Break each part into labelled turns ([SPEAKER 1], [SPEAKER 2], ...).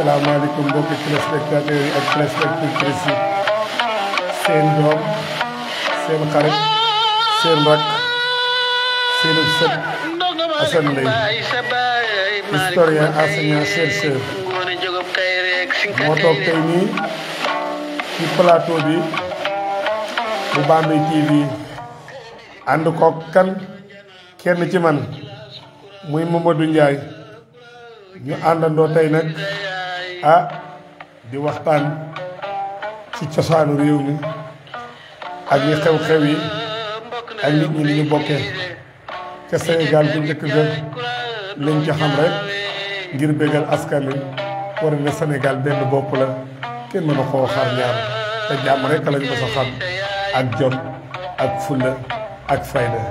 [SPEAKER 1] Assalamualaikum mbokki téléspectateurs yi kita téléspectatrices yi seen doom seen xarit seen rakk seen sët Assane Leye historien enseignant TV andu kok kan kenn ci man muy Mamadou Ndiaye ñu ah di waxtaan ci cosaanu réew mi ak li xew-xew yi ak nit ñi li ñu bokkee ca Sénégal bu njëkk ga lañ ci xam rek ngir bégal askan wi war na Sénégal benn bopp la kenn mënu koo xar ñaar te jàmm rek lañ ko sa xam ak jot ak fulla ak fayda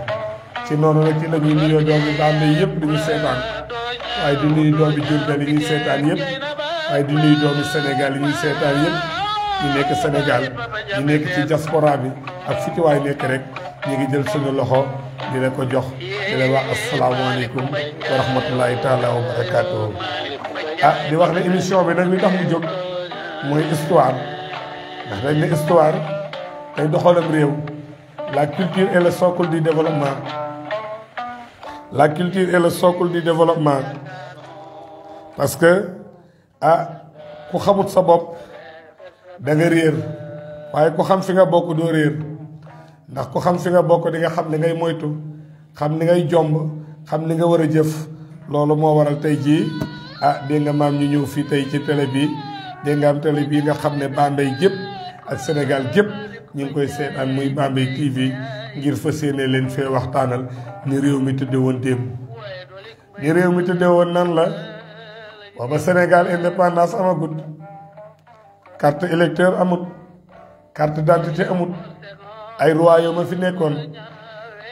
[SPEAKER 1] ci noonu nag ci la ñuy nuyoo doomi Bambey yëpp di ñu seetaan waaye di nuyu doomi Diourbel yi ñuy seetaan yëpp. waaye di nuyu doomi Sénégal yi ñuy seetaan yëpp ñu nekk Sénégal ñu nekk ci diaspora bi ak fu ci waay nekk rek ñu ngi jël suñu loxo di la ko jox di la wa rahmatullahi taala wa barakaatuhu ah di wax ne émission bi nag li tax mu jóg histoire ndax dañ ne histoire day doxalam réew la culture est le socle du développement la culture est le socle du développement parce que ah ku xamut sa bopp danga réer waaye ku xam fi nga bokk doo réer ndax ku xam fi nga bokk di nga xam ni ngay moytu xam ni ngay jomb xam ni nga war a jëf loolu moo waral tey jii ah dégg nga maam ñu ñëw fii tey ci télé bi dégg nga am télé bii nga xam ne Bambey jépp ak Sénégal gépp ñu ngi koy seetaan muy Bambey TV ngir fa yéene leen fee waxtaanal ni réew mi tëdde woon démb ni réew mi tëdde woon nan la booba Sénégal indépendance amagut carte électeur amut carte d'identité amut ay royaume a fi nekkoon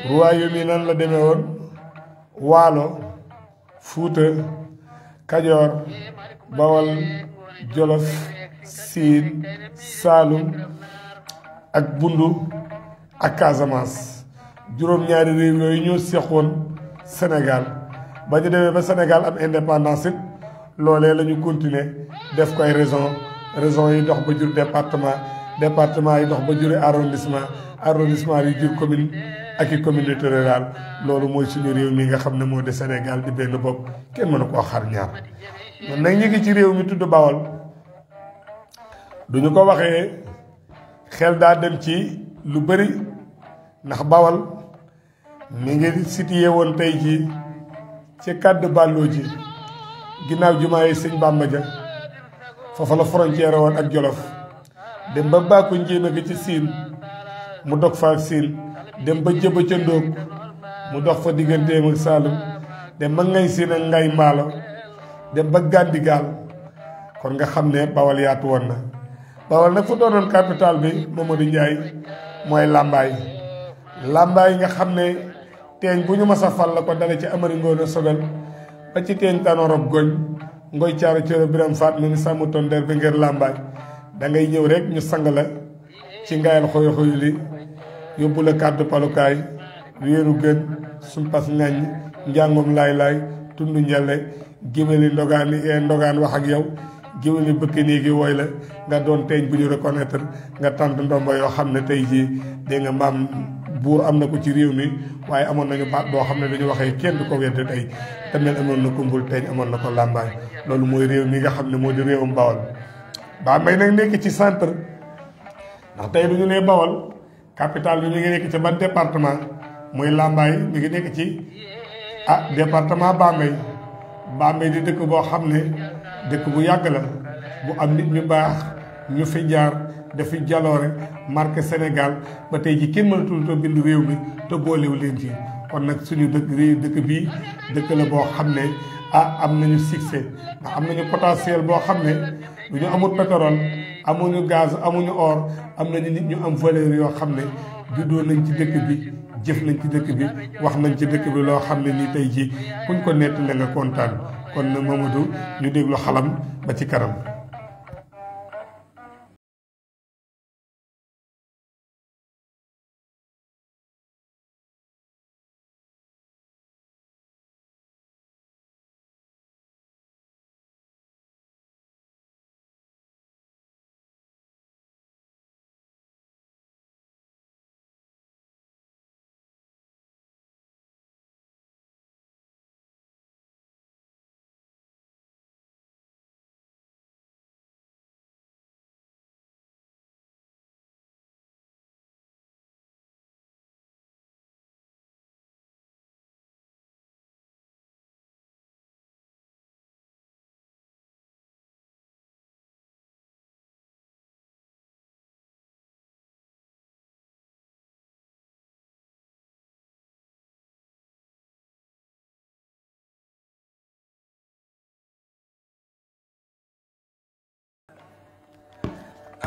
[SPEAKER 1] royaume yi nan la demee woon waalo fuuta kajoor bawal jolof siin saalum ak bundu ak Casamance juróom-ñaari réew yooyu ñoo seqoon Sénégal ba ñu demee ba Sénégal am indépendance it loolee la ñu continuer def ko ay raison raison yi dox ba jur département département yi dox ba jur arrondissement arrondissement yi jur commune ak i communauté rurale loolu mooy suñu réew mi nga xam ne moo de Sénégal di benn bopp kenn mënu koo xar ñaar man nag ñu ngi ci réew mi tudd Bawol duñu ko waxee xel daa dem ci lu bëri ndax Bawol mi ngi situé woon tey ji ci kàddu bàlloo ji ginnaaw juma yi seigne Bàmba ja foofa la frontière won ak Jolof dem ba Bàkku Njéeme gi ci Siin mu dok fa ak Siin dem ba Jëba ci ndok mu dok fa digganteem ak Saalum dem ba Ngay Siin ak Ngay mbalo dem ba gal kon nga Bawal yaat won na Bawal fu doon capital bi momadou ndjay moy lambay lambay nga xam teñ buñu fal ko dalé ci Amari ngono acciteeñ tanoorob goñ ngoy caaro coro biram faat lu ni sàmm tondeer bi ngir làmbaay da ngay ñëw rek ñu sang la ci ngayal xoyu xoyu li yóbbu la kàddu palukaay wéeru gën sumpas ngañ njàngum laay-laay tund njale géwéli ndogaan yi eh, ndogaan wax ak yow géwéli bëkk nii gi wooy la nga doon teeñ bu ñu reconnaître nga tànt ndomba yoo xam ne tey jii dégg nga maam buur am na ko ci réew mi waaye amoon nañu baat boo xam ne dañu waxee kenn du ko wedde tey te mel amoon na kumbul teeñ amoon na ko làmbaay loolu mooy réew mi nga xam ne moo di réewam bawal baa mbay na nekk ci centre ndax tey du bawal capital bi mi ngi nekk ci ban département mooy làmbaay mi ngi nekk ci ah département Bambey Bambey di dëkk boo xam ne dëkk bu yàgg la bu am nit ñu baax ñu fi jaar dafi jaloore marqué Sénégal ba tey ji kenn mënatul to bind réew mi te boolewu leen ci kon nag suñu dëkk réew dëkk bii dëkk la boo xam ne ah am nañu succès ndax am nañu potentiel boo xam ne bu ñu amul pétrole amuñu gaz amuñu or am ñu nit ñu am voleur yoo xam ne juddoo nañ ci dëkk bi jëf nañ ci dëkk bi wax nañ ci dëkk bi loo xam ne nii tey jii kuñ ko nett la nga kontaan kon na Mamadou ñu déglu xalam ba ci kanam.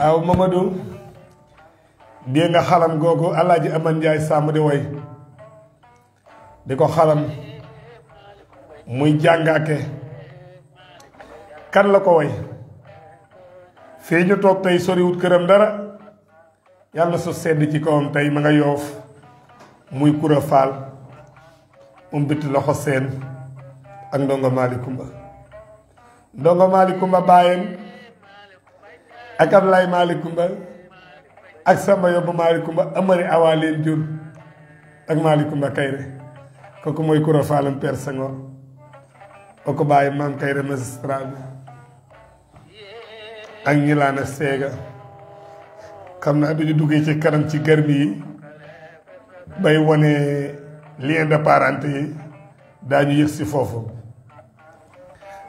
[SPEAKER 1] waaw Mamadou dee nga xalam googu alaaji aman njaay sàmm di woy di ko xalam muy jàngaake kan la ko woy fii ñu toog tey soriwut këram dara yàlla su sedd ci kawam tey ma nga yoof muy kura faal um biti loxo seen ak ndongo maali kumba ndongo maali kumba bàyyam ak Ablaye Malikumba ak Samba Yobba Malikumba Amari Awa leen jur ak Malikumba Kayre kooku mooy Koura Fallam Père Senghor kooku bàyyi maam Kayre magistrat bi ak ñilaana seega xam naa dañu duggee ci kanam ci garmi yi bay wone lien de yi daañu yëg si foofu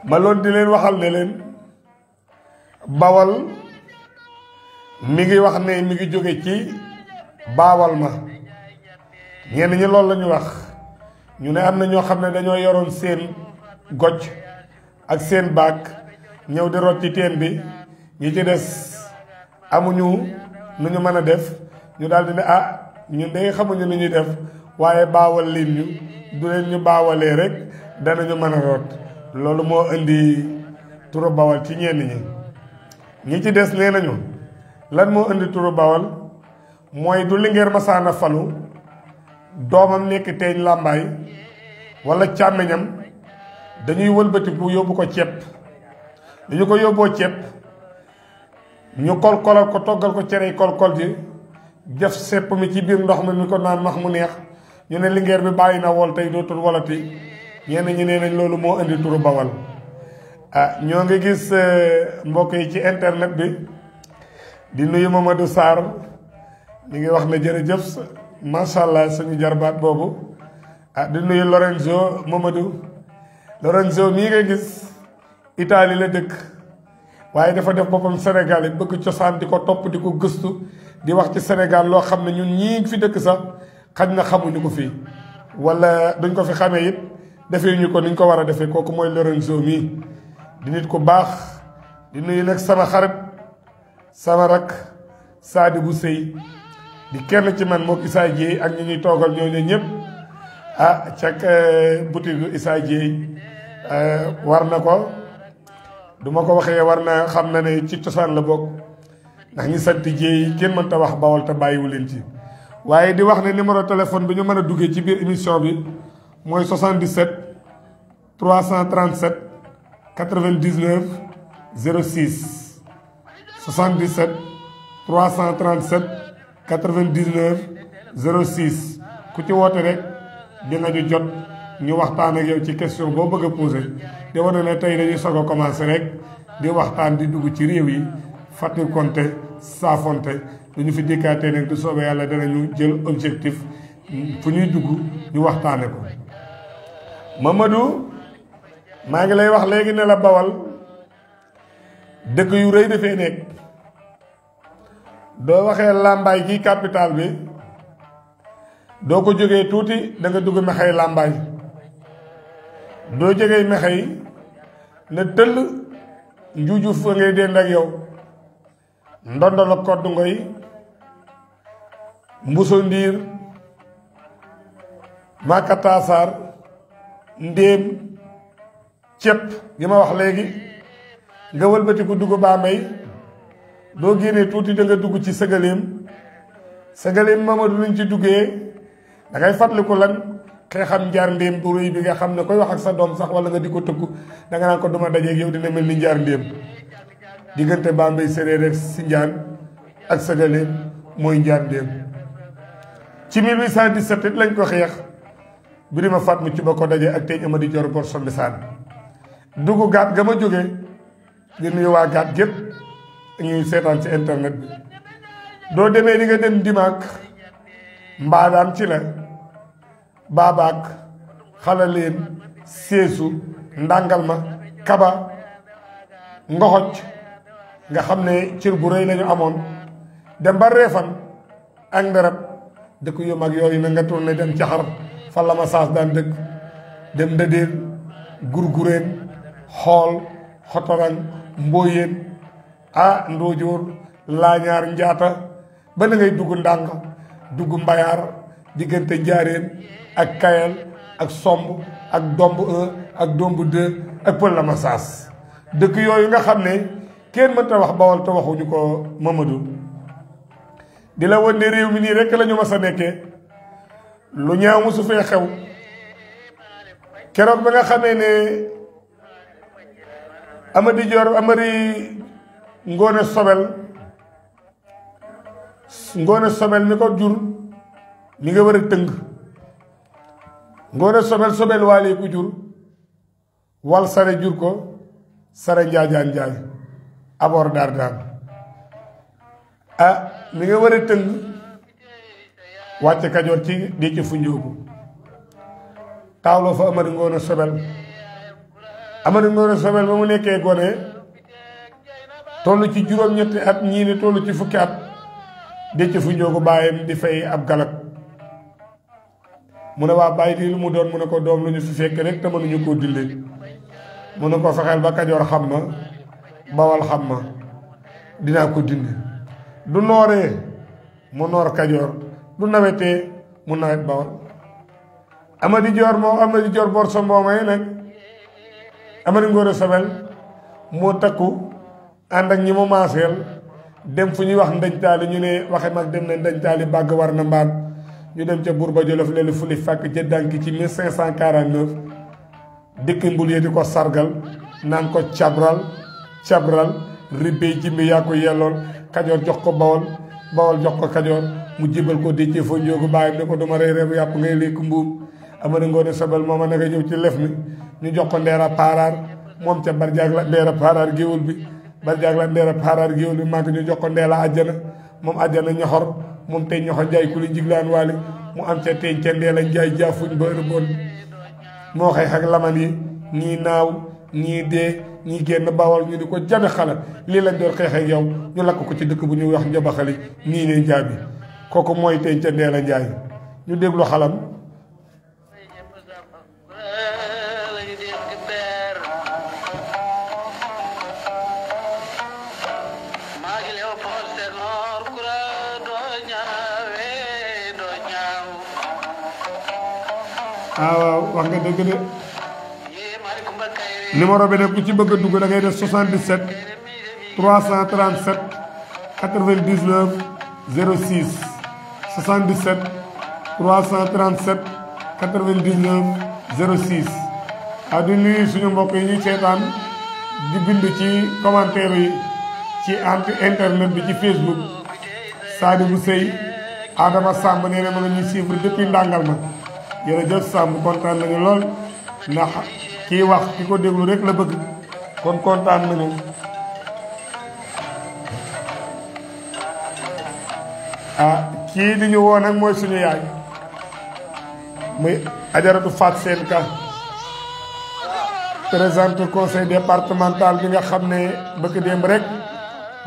[SPEAKER 1] ma loon di leen waxal ne leen bawal mi ngi wax ne mi ngi jóge ci baawal ma ñenn ñi loolu la ñu wax ñu ne am na ñoo xam ne dañoo yoroon seen goj ak seen baag ñëw di rot ci teen bi ñi ci des amuñu nu ñu mën a def ñu daldi di ne ah ñun de xamuñu nu ñu def waaye baawal leen ñu du leen ñu baawalee rek danañu mën a root loolu moo indi turu bawal ci ñenn ñi ñi ci des nee nañu. lan mo andi turu bawal moy du lingeer masana falu domam nek teñ lambay wala càmmeñam dañuy bu yobbu ko ciep dañu ko yobbo ciep ñu kol ko togal ko cere kol di def sepp mi ci bir ndox mi ko naan mahmu neex ñu ne lingeer bi bayina na wol tey dootul wolati ñenn ñi nee nañ turu bawal ah ñoo nga gis eh, mbokk yi ci internet bi di nuyu Mamadou Sarr ñu ngi wax na jërëjëf macha allah suñu jarbaat boobu ah di nuyu Lorenzo Mamadou Lorenzo mii nga gis Italie la dëkk waaye dafa def boppam Sénégal yi bëgg cosaan di ko topp di ko gëstu di wax ci Sénégal loo xam ne ñun ñii fi dëkk sax xaj na xamuñu ko fii wala duñ ko fi xamee it defee ñu ko niñ ko war a defee kooku mooy Lorenzo mii di nit ku baax di nuyu nag sama xarit. sama rakk saadi bu sëy di kenn ci man moo Issa Dieye ak ñi ñuy toogal ñoo ñooñu ñëpp ah ca eh, boutique Issa Dieye eh, war na ko du ma ko waxee war na xam na ne ci cosaan la bokk ndax ñi sant Dieye kenn mënta wax bawol te bàyyiwu leen ci. waaye di wax ne numéro téléphone bi ñu mën a duggee ci biir émission bi mooy 77 337 99 06. 77 337 99 06 ku ci woote rek dinañu jot ñu waxtaan ak yow ci question boo bëgg a posé wane ne tey dañuy soog a commencé rek di waxtaan di dugg ci réew yi Fatou Konté Saafonte lu ñu fi dikkaatee nag du soobee yàlla danañu jël objectif fu ñuy dugg ñu waxtaane ko Mamadou maa ngi lay wax léegi ne la bawal dëkk yu rëy dafee nekk doo waxee làmbaay gi capital bi doo ko jógee tuuti da nga dugg mexey làmbaay doo jógee mexey na tëll njuuju fa ngay dend ak yow ndondo la kodd ngoy mbuso ndiir makataasaar ndéem ceeb gi ma wax léegi nga wëlbatiku dugg baa may do gene tuuti da nga dugg ci segalem segalem mamadou luñ ci duggé da ngay ko lan xeexam jaar ndem du reuy bi nga xam ne koy wax ak sa doom sax wala nga diko teggu da nga nan ko duma dajeeg yow dina mel ni njaar ndéem diggante bambay séréer ak sinjaan ak segalem moy jaar ndem ci 1817 lañ ko xeex birima fatmu ci bako dajé ak amadi jor bor gaat gama di nuyu waa gaat gépp ñuy seetaan ci internet bi doo demee di nga dem dimaak mbaadaan ci la baabaak xalaleen seesu ndàngal ma kaba ngoxoj nga xam ne cir bu rëy lañu amoon dem ba reefan ak ndarab dëkk yu mag yooyu na nga tourné dem ci xar fa la ma saas daan dëkk dem ndëdéen gurgureen xool xotoran mbooyeen ah ndoojoor laañaar njaata ba na ngay dugg ndàng dugg mbayaar diggante njaareen ak kayal ak somb ak domb un ak domb deux ak pël la ma saas dëkk yooyu nga xam ne kenn mënta wax bawol waxuñu ko Mamadou di la wan ne réew mi nii rekk lañu ma mas a nekkee lu ñaaw mu su fee xew keroog ba nga xamee ne amadi Dior Amady Ngone Sobel ngoone Sobel mi ko jur mi nga war a tëng Ngone Sobel Sobel waalee ku jur wal sare jur ko sare njaajaan njaaj abor daar daan ah mi nga war a tëng wàcce kajoor ci di ci fu njóobu taawloo fa Amady Sobel Amadou Ngor Sobel ba mu nekkee gone toll ci juróom-ñetti at ñii ni toll ci fukki at dëcc fu ñoo ko bàyyam di fay ab galak mu ne waa bàyyi di lu mu doon mu ne ko doom lu ñu fi fekk rek te ñu koo dille mu ne ko fexeel ba Kajoor xam ma Bawol xam ma dinaa ko dindi du nooree mu noor Kajoor du nawetee mu nawet Bawol Amady Dior moom Amady Dior bor sa mboomay nag Amari Ngoone Sobel moo takku ànd ak ñi mu maaseel dem fu ñuy wax ndañtaali ñu ne waxe mag dem na ndañtaali bàgg war na mbaat ñu dem ca Bourba Jolof leelu fuli fàkk ca dànki ci 1549 dikk mbul yi di ko sargal naan ko cabral cabral ribbey jimbi yaa ko yellool kajoor jox ko bawol bawol jox ko kajoor mu jibal ko déccee fa njóogu bàyyam ne ko duma rey reebu yàpp ngay lekk mbuum Amari Ngoone Sobel mooma na nga ñëw ci lef mi ñu jox ko ndeera paaraar moom ca barjaag la ndeera paaraar géwél bi barjaag la ndeera paaraar géwél bi maa ñu jox ko ndeela àjjana moom àjjana ñoxor moom tey ñoxor njaay ku li mu am ca teeñ ca ndeela njaay jaafuñ ba ërëboon moo xëy ak laman yi ñii naaw ñii dee ñii génn bawal ñu di ko jabe xala lii lañ doon xeexee yow ñu lakk ko ci dëkk bu ñuy wax njabaxali nii ne njaabi kooku mooy teeñ ca ndeela njaay ñu déglu xalam waaw wax nga dëgg de numéro bi nag ku ci bëgg a dugg da ngay def 77 337 99 06 77 337 99 06. ah di nuyu suñu mbokk yi ñuy seetaan di bind ci commentaire yi ci anti internet bi ci Facebook Sadibou Seye Adama Samb nee na ma nga ñuy suivre depuis Ndangal ma. jërëjëf Samb kontaan nañu lool ndax kii wax ki ko déglu rek la bëgg kon kontaan nañu ah kii di ñu woo nag mooy suñu yaay muy ajaratu fat Seen Ka présidente conseil départemental bi nga xam ne bëgg démb rek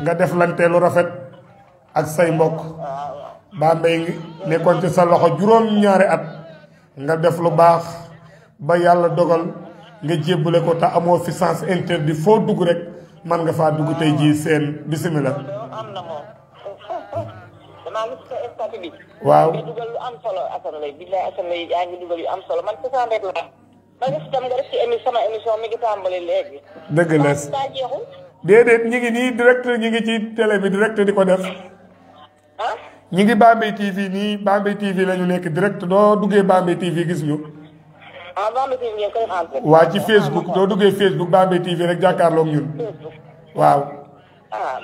[SPEAKER 1] nga def lu rafet ak say mbokk Bambey nekkoon ci sa loxo juróom ñaari at nga def lu bax ba yalla dogal nga jébulé ko ta amo fi sens interdit fo dugg rek man nga faa dugg tey waaw dugal lu am solo assemblée billahi assemblée yaa ngi dugal yu am solo man cosaan rek la ma def tam nga def ci sama émission mi ngi tàmbali léegi dëgg la daa ñi ngi nii direct ñi ngi ci télé bi direct di def ah ñi ngi Bambey TV ni Bambey TV lañu nek direct do duggé Bambey TV gis ñu ah, wa ci facebook do duggé facebook Bambey TV rek ak ñun waaw ah,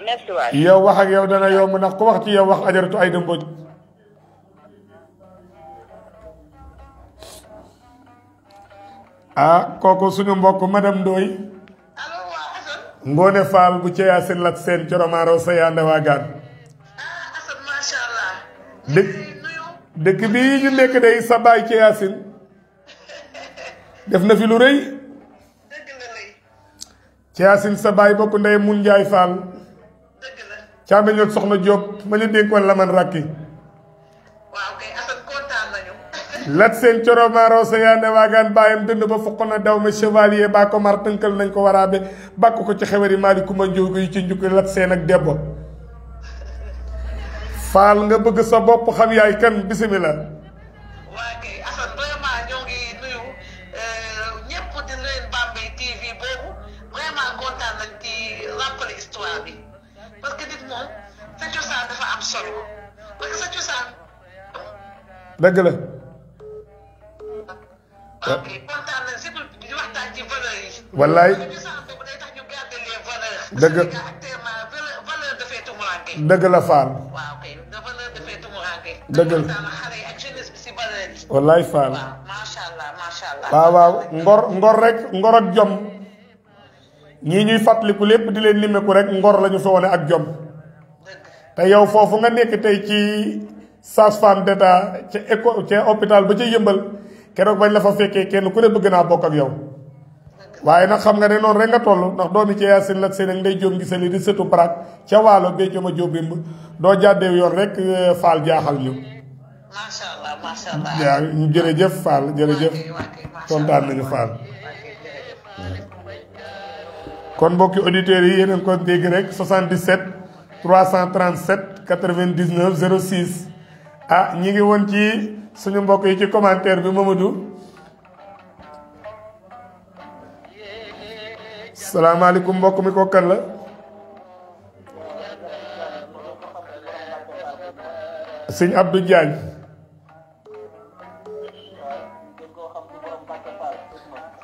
[SPEAKER 1] yow wax ak yow dana yomb nak ko wax ci yow wax ajaratu ay dëmboj ah koko suñu mbokk madame doy ngone fal bu ci yasin lak seen coromaaro sa yaa wa gaan dëkk dëkk bii ñu nekk day sa baay ci def na fi lu rëy ci sa baay bokk ndey mun njaay faal caame soxna Diop ma ñu dénkoon la man rakki lat seen coromaaro sa yaande waagaan bàyyam dënd ba fokk na daw ma chevalier baa ko mar tënkal nañ ko waraabe bàkk ko ci xeweri maali kuma njóogu yi ci njukki lat seen ak debbo faal nga bëgg sa bopp xam yaay kan bisimilah. waa kay Assane vraiment ñoo ngi nuyu euh, ñëpp di leen Bambey TV boobu vraiment kontaan nañ ci rappeler histoire bi parce que nit moom sa cosaan dafa am solo la. waaw kay valeur yi. wallaay sa cosaan boobu la dëgg dëgg la wallaay faal waaw waaw ngor ngor rek ngor ak jom ñii ñuy fàttaliku lépp di leen limeku rek ngor lañu fa wane ak jom te yow foofu nga nekk tey ci sage-femme d'État ca école ca hôpital ba ca yëmbal keroog bañ la fa fekkee kenn ku ne bëgg naa bokk ak yow waaye nag xam nga ne noonu rek nga toll ndax doomi ci yaasin la seen ak ndey jóom gisali di sëtu paraat ca waalo bee joma jóob rimb doo jàddeew yoon rek euh, faal jaaxal ñu macha allah macha allah waaw jërëjëf Fall jërëjëf kontaan nañu Fall kon mbokki auditeurs yi yeneen kon dégg rek 77 337 99 06 ah ñi ngi woon ci suñu mbokk yi ci commentaire bi Mamadou salaamaaleykum mbokk mi ko kan la sëñ Abdou Diagne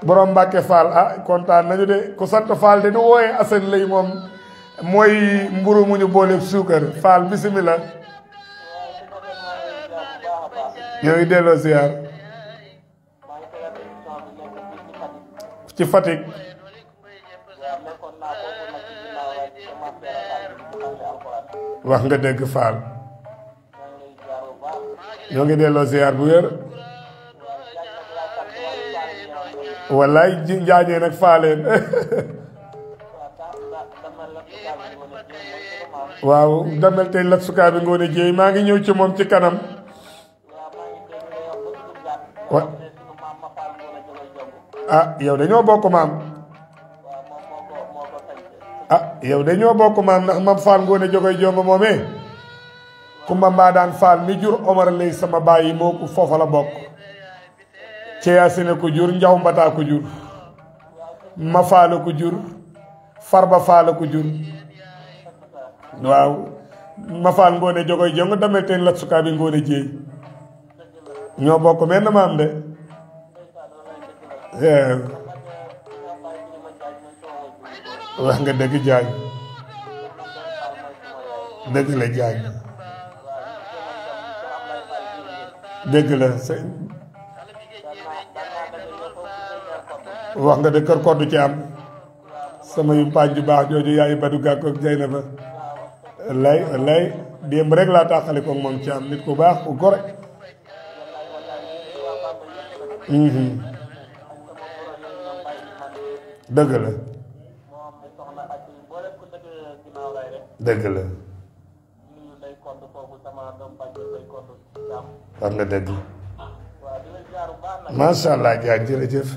[SPEAKER 1] borom Mbàkke Fall ah kontaan nañu de ku sant Fall de nu wooyee Assane lay moom mooy mburu mu ñu booleeg suukar Fall bisimila ñoo ngi delloo ziar ci Fatick wax nga dëgg faal ñoo ngi delloo ziar bu wér wallaay ji njaañee nag faaleen waaw damel tey lat sukaa bi ngoone jéey maa ngi ñëw ci moom ci kanam wa ah yow dañoo bokk maam ah yow dañoo bokk maam ndax mam faal ngoone jogoy jongo moomee kumba mbaa daan faal mi jur omar lay sama bàyyi moo ko foofa la bokk ceyaasine ko jur njaw mbataa ko jur ma faala ko jur farba faala ko jur waaw ma faal ngoone jogoy jongo damel teen lat sukaa bi ngoone jéey ñoo bokk menn maam de eh. wax nga dëgg jaañ dëgg la jaañ dëgg la wax nga de kër koddu ci am sama yu paañ ju baax jooju yaayu badu gàkkoog jay na fa lay lay démb rek laa tàqale koog moom ci am nit ku baax ku gore mhm. dëgg la dëgg la. wax nga dëgg. macha allah Diagne jërëjëf.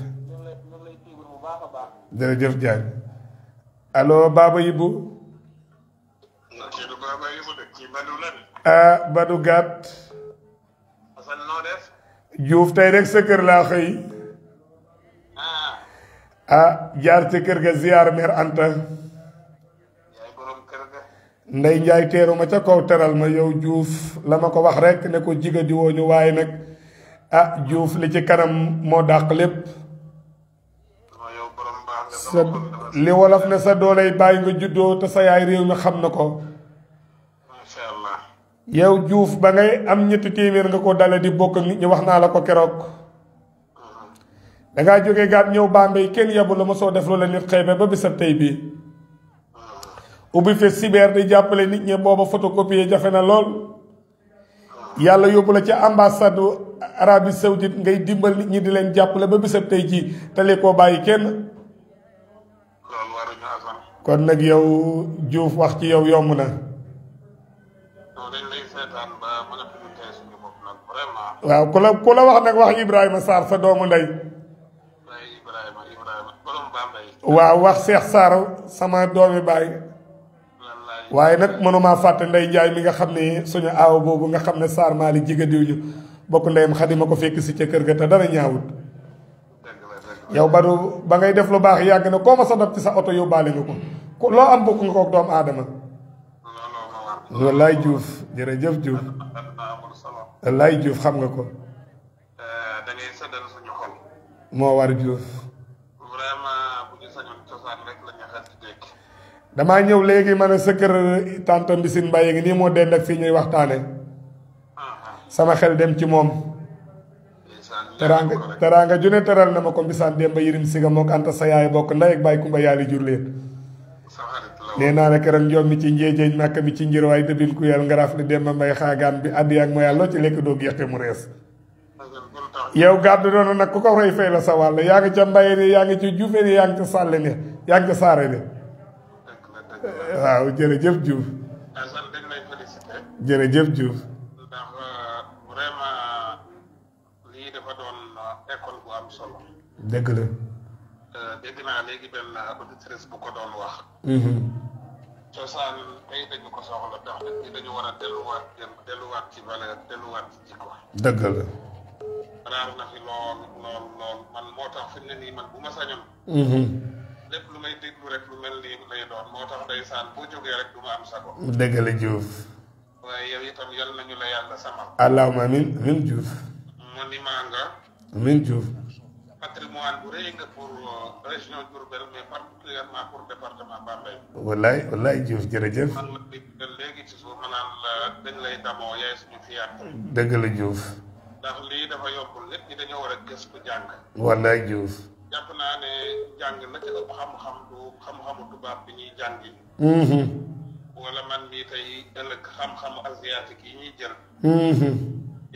[SPEAKER 1] jërëjëf Diagne. allo Baba Ibou. ah Badou Gàtt. tey rek sa kër laa xëy. ah, ah jaar ci ga ziar mère Anta. ndey njaay teeru ma ca kaw teral ma yow juuf la ma ko wax rekk ne ko jiga di wooñu waaye nag ah juuf li ci kanam moo dàq lépp sa li wolof ne sa doolay bàyyi nga juddoo te sa yaay réew mi xam na ko yow juuf ba ngay am ñetti téeméer nga ko dale di bokk nit ñi wax naa la ko keroog mm-hmm. dangaa jóge gaat ñëw Bambey kenn yabu la ma soo def loola nit xëy ba ba bisab tey bii ubi fi cyber di jàppale nit ñe booba photocopier jafé na lool yalla yobula ci ambassade arabie saoudite ngay dimbal nit ñi di leen jàppale ba bisab tay ji tale ko bayyi kenn kon nak yow juuf wax ci yow yom na waaw ku la ku la wax nak wax Ibrahima sar sa doomu nday waaw wax Cheikh sar sama doomi baye waye nak mënuma faté ndey jaay mi nga xamné suñu aaw bobu nga xamné sar mali maali jiga diw ñu bokk ko fekk si ci kër ga ta dara ñaawut yow badu ba ngay def lu baax yag na ko ma sa dopp ci sa oto balé nga ko lo am bokku nga kook doomu aadama wallaay juuf jërëjëf juuf wallaay juuf xam nga ko eh, mo war juuf damaa ñëw léegi ma ne sa kër tante Mbissine Mbaye ngi nii moo dend ak fii ñuy waxtaane sama xel dem ci moom teraanga teraanga ju ne teral na ma ko mbisaan Demba Yirim Siga moo ko Anta sa yaay bokk ndey ak Baye Kumba yaali jur nee naa ne keroog njoom mi ci njeejeeñ màkk mi ci njir waay dëbil ku yàlla ngaraaf ni Demba Mbay xaagaan bi addi ak ma yàlla ci lekk doo géexte mu rees yow gàddu doonu nag ku ko roy fay la sa wàll yaa ngi ca mbaye ne yaa ngi ci juufe ne yaa ngi waaw jërëjëf Diouf. kon dañ lay félicité. jërëjëf Diouf. ndax euh, vraiment lii dafa doon euh, école bu am solo. dëgg la. Euh, léegi benn auditrice bu ko doon wax. Mm-hmm. cosaan tey dañu ko soxla tax dañu war a delluwaat jikko. dëgg la. raar na fi lool lool lool man moo tax fi ne nii man bu ma sañoon. Mm-hmm. lépp lu may déglu rek lu nañu la yàlla samal. allahumma min min Diouf. mu ni maa nga. min euh, léegi suuf ma naan la dañ lay damoo yaay suñu fierté. dëgg la ndax lii dafa yombul lépp ñi dañoo war a gëstu jàng. wallaay Diouf. jàpp naa ne jàng la ca ëpp xam-xam du xam-xamu tubaab bi ñuy jàngi mm-hmm. wala man mii tey ëllëg xam-xamu asiatique yi ñuy jël mm-hmm.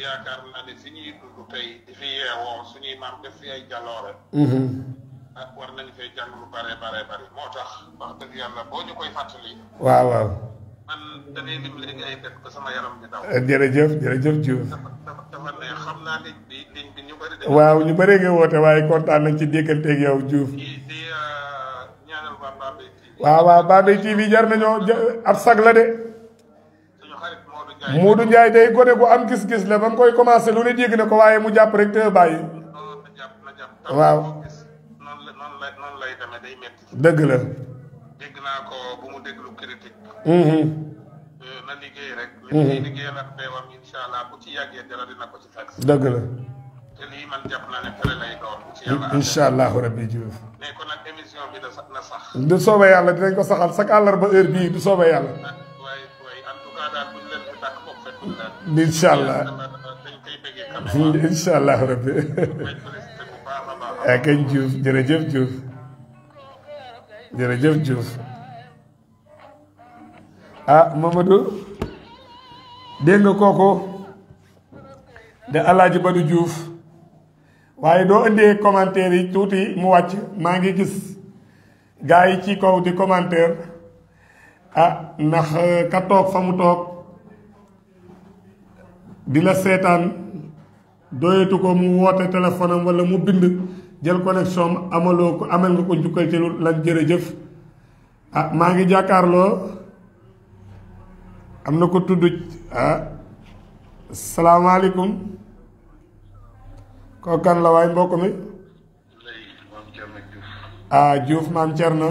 [SPEAKER 1] yaakaar naa ne si ñuy dund tey di fi yeewoo suñuy maam def fi ay jaloore mm-hmm. ah war nañ fee jàng lu bare bare bari moo tax wax dëgg yàlla boo ñu koy fàttali waaw waaw man damay lim léegi ay dëkk ba waaw ñu baree nga woote waaye kontaan nañ ci dégganteeg yow Diouf. di di euh, ñaanal waa Bambey TV. waaw jar nañoo ab sag la de. suñu xarit Modou Ndiaye. Modou Ndiaye day gone gu am gis-gis la ba mu koy commencé lu ne dégg na ko waaye mu jàpp rek te bàyyi. waaw. la dëgg la. Mm-hmm. na liggéey rek. Mm-hmm. li muy liggéeyal ak beewam incha allah bu yàlla du soobee dinañ ko saxal chaque ba heure bii du soobee yàlla. Ah, waaye waaye en tout rabbi. ak eh, kañ Diouf jërëjëf Diouf jërëjëf a mamadou dénga koko de aladji badou diouf waaye doo indee commentaire yi tuuti mu wàcc maa ngi gis gaa yi ci kaw di commentaire ah ndax euh, ka toog fa mu toog di la seetaan doyatu ko mu woote téléphone am wala mu bind jël connection am amaloo ko amal nga ko njukkal ci lu lan jërëjëf ah maa ngi jàkkaarloo am na ko tudd ah salaamaaleykum kooku la waay mbokk mi ah Diouf maam Thierno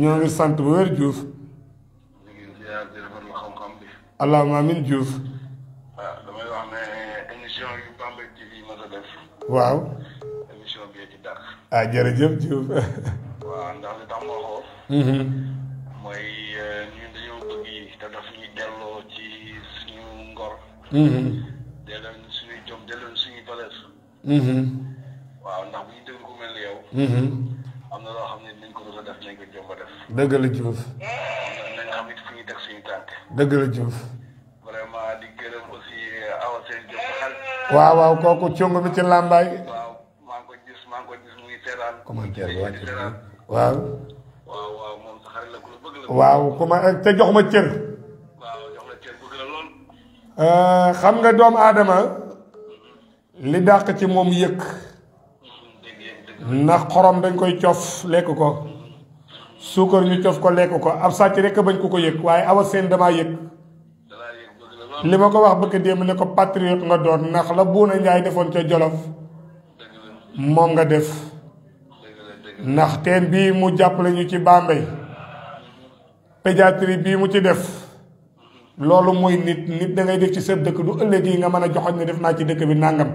[SPEAKER 1] ñoo ngi sant bu wér Diouf allahumma amin Diouf waaw ah jërëjëf Diouf. Mm-hmm. delloo ñu suñuy jom delloo ñu suñuy valeur. Mm-hmm. ndax bu ñu déglu ku mel ni yow. Mm-hmm. am loo xam ne nañ ko mën dëgg la Diouf. na nga xam suñu tànk. dëgg la Diouf. vraiment di gërëm euh, waaw waaw mi ci làmbaay. waaw maa ko gis maa ngi ko gis bi wàcc waaw. waaw waaw moom sa xarit waaw ku ma te ma Euh, xam nga doomu aadama li dàq ci moom yëkk ndax xorom dañ koy cof lekk ko suukar ñu cof ko lekk ko ab sàcc rekk bañ ko ko yëg waaye awa seen damaa yëg li ma ko wax bëgg démb ne ko patriote nga doon ndax la na Njaay defoon ca Jolof moom nga def ndax teen bii mu jàpp lañu ci Bambey pédiatrie bii mu ci def loolu mooy nit nit da def ci sa dëkk du ëllëg yi nga mën a joxoñ ne def naa ci dëkk bi nàngam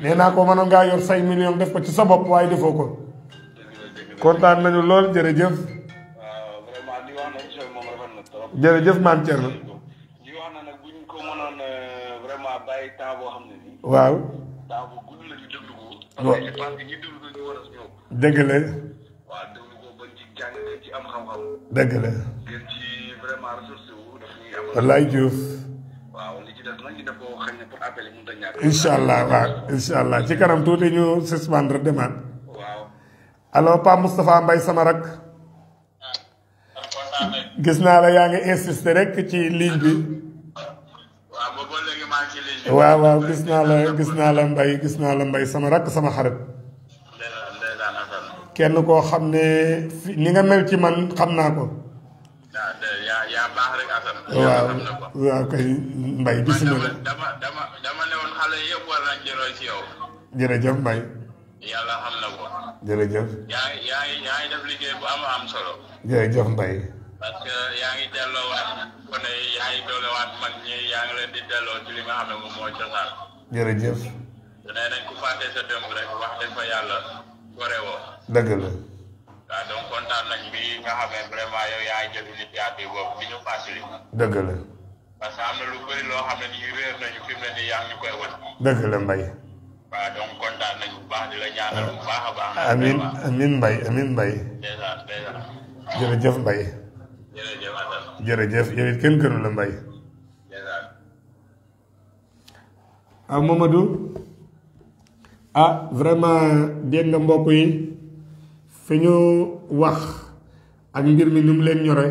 [SPEAKER 1] nee naa ko mënoon ngaa yor cinq millions def ko ci sa bopp waaye defoo ko kontaan nañu lool jërëjëf jërëjëf maam Thierno waaw dëgg la dëgg la wallaay Diouf. waaw na waaw incha ci kanam tuuti ñu suspendre demande. waaw. allo Pape Moustapha Mbaye sama rak. gis naa la yaa ngi insisté rek ci ligne bi. waaw waaw gis naa la gis naa la Mbaye gis naa la Mbaye sama rakk sama xarit. kenn koo xam ne ni nga mel ci man xam naa ko. waaw mbay kay Mbaye bisimilah. dama dama dama ne woon xale yëpp war nañ jëloo ci yow. jërëjëf Mbaye. yàlla
[SPEAKER 2] xam na ko. jërëjëf.
[SPEAKER 1] yaa yaa ngi yaa ngi def liggéey bu am am solo. jërëjëf Mbaye. parce que yaa ngi delloowaat kon yaa ngi doolewaat mag ñi yaa ngi leen di delloo ci li nga xam ne moom moo cosaan. jërëjëf. nee nañ ku fàtte sa démb rek wax dëgg fa yàlla gore dëgg la. waaw ah, mbay kontaan nañ bi nga jërëjëf Mbaye. jërëjëf Assane. kenn gënu la Mbaye. ah Mamadou ah vraiment dégg nga mbokk yi. fi ñu wax ak mbir mi ni mu leen ñore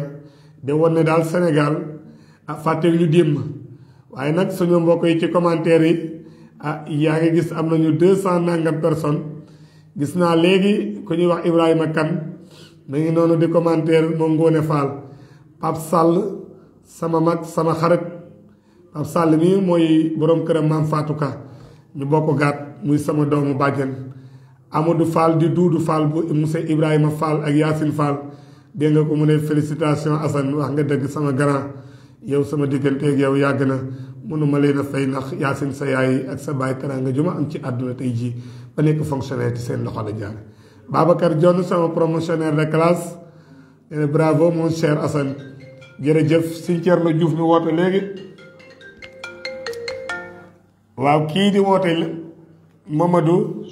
[SPEAKER 1] de woon ne daal Sénégal ah fàtte ñu ma waaye nag suñu mbokk yi ci commentaire yi ah yaa ngi gis am nañu deux cent nangam personnes gis naa léegi ku ñuy wax Ibrahima kan mu ngi noonu di commentaire moom Ngoone Fall Pape sàll sama mag sama xarit Pape sàll mii mooy boroom këram maam Fatou Ka ñu bokk gaat muy sama doomu bàjjen Amadou Fall di Doudou Fall bu monsieur Ibrahima Fall ak Yacine Fall dégg nga ko mu ne félicitation Assane wax nga dëgg sama grand yow sama diggante yow yàgg na mënuma leen a fay ndax Yacine sa yaay ak sa baay teraanga ju ma am ci àdduna tey jii ba nekk fonctionnaire ci seen loxo la jaar. Babacar Dione sama promotionnaire de classe ne eh, bravo mon cher Assane jërëjëf Sëñ Thierno Diouf mi woote léegi waaw kii di woote Mamadou.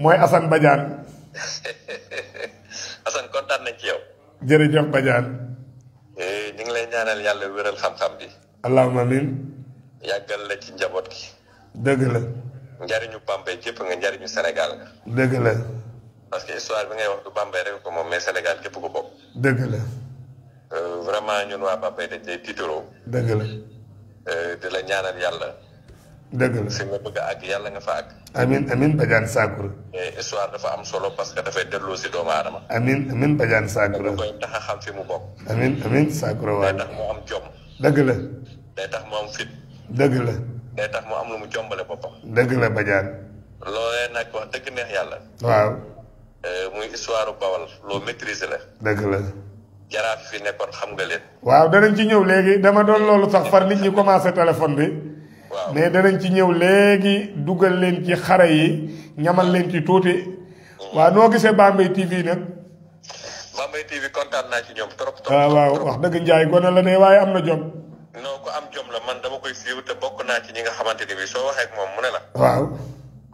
[SPEAKER 1] mooy Assane Badiane. Assane kontaan nañ ci yow. jërëjëf Badiane. Eh, ñu ngi lay ñaanal yàlla wéral xam-xam bi. allahumma amin. yàggal la ci njaboot gi. dëgg la. njariñu Bambey képp nga njariñu Sénégal nga. dëgg la. parce que histoire bi ngay wax du Bambey rek ko moom mais Sénégal képp ko bokk. dëgg la. Eh, vraiment ñun waa Bambey dañ lay tiitaroo. dëgg la. Eh, di la ñaanal yàlla. dëgg la fi a àgg yàlla nga am solo parce que dafay delloo si doomu a xam fi mu bokk. amin amin Sakkour waaw. day tax mu am jom. la. day tax mu am fit. dëgg la. day tax mu am lu mu jombale neex yàlla. waaw. Euh, muy histoire bawal loo maîtriser la. la. jaraaf fi nekkoon xam nga leen. waaw danañ ci ñëw léegi dama doon loolu sax far nit ñi commencé téléphone bi. mais danañ ci ñëw léegi dugal leen ci xare yi ñamal leen ci tuuti. Mm-hmm. waaw noo gisee Bambey TV nag. Bambey TV kontaan naa ci ñoom trop. trop ah, waaw waaw wax dëgg Ndiaye gone la ne waaye am na jom. non ko am jom la man dama koy siiw te bokk naa ci ñi nga xamante ne bii soo waxee moom mu ne la. waaw.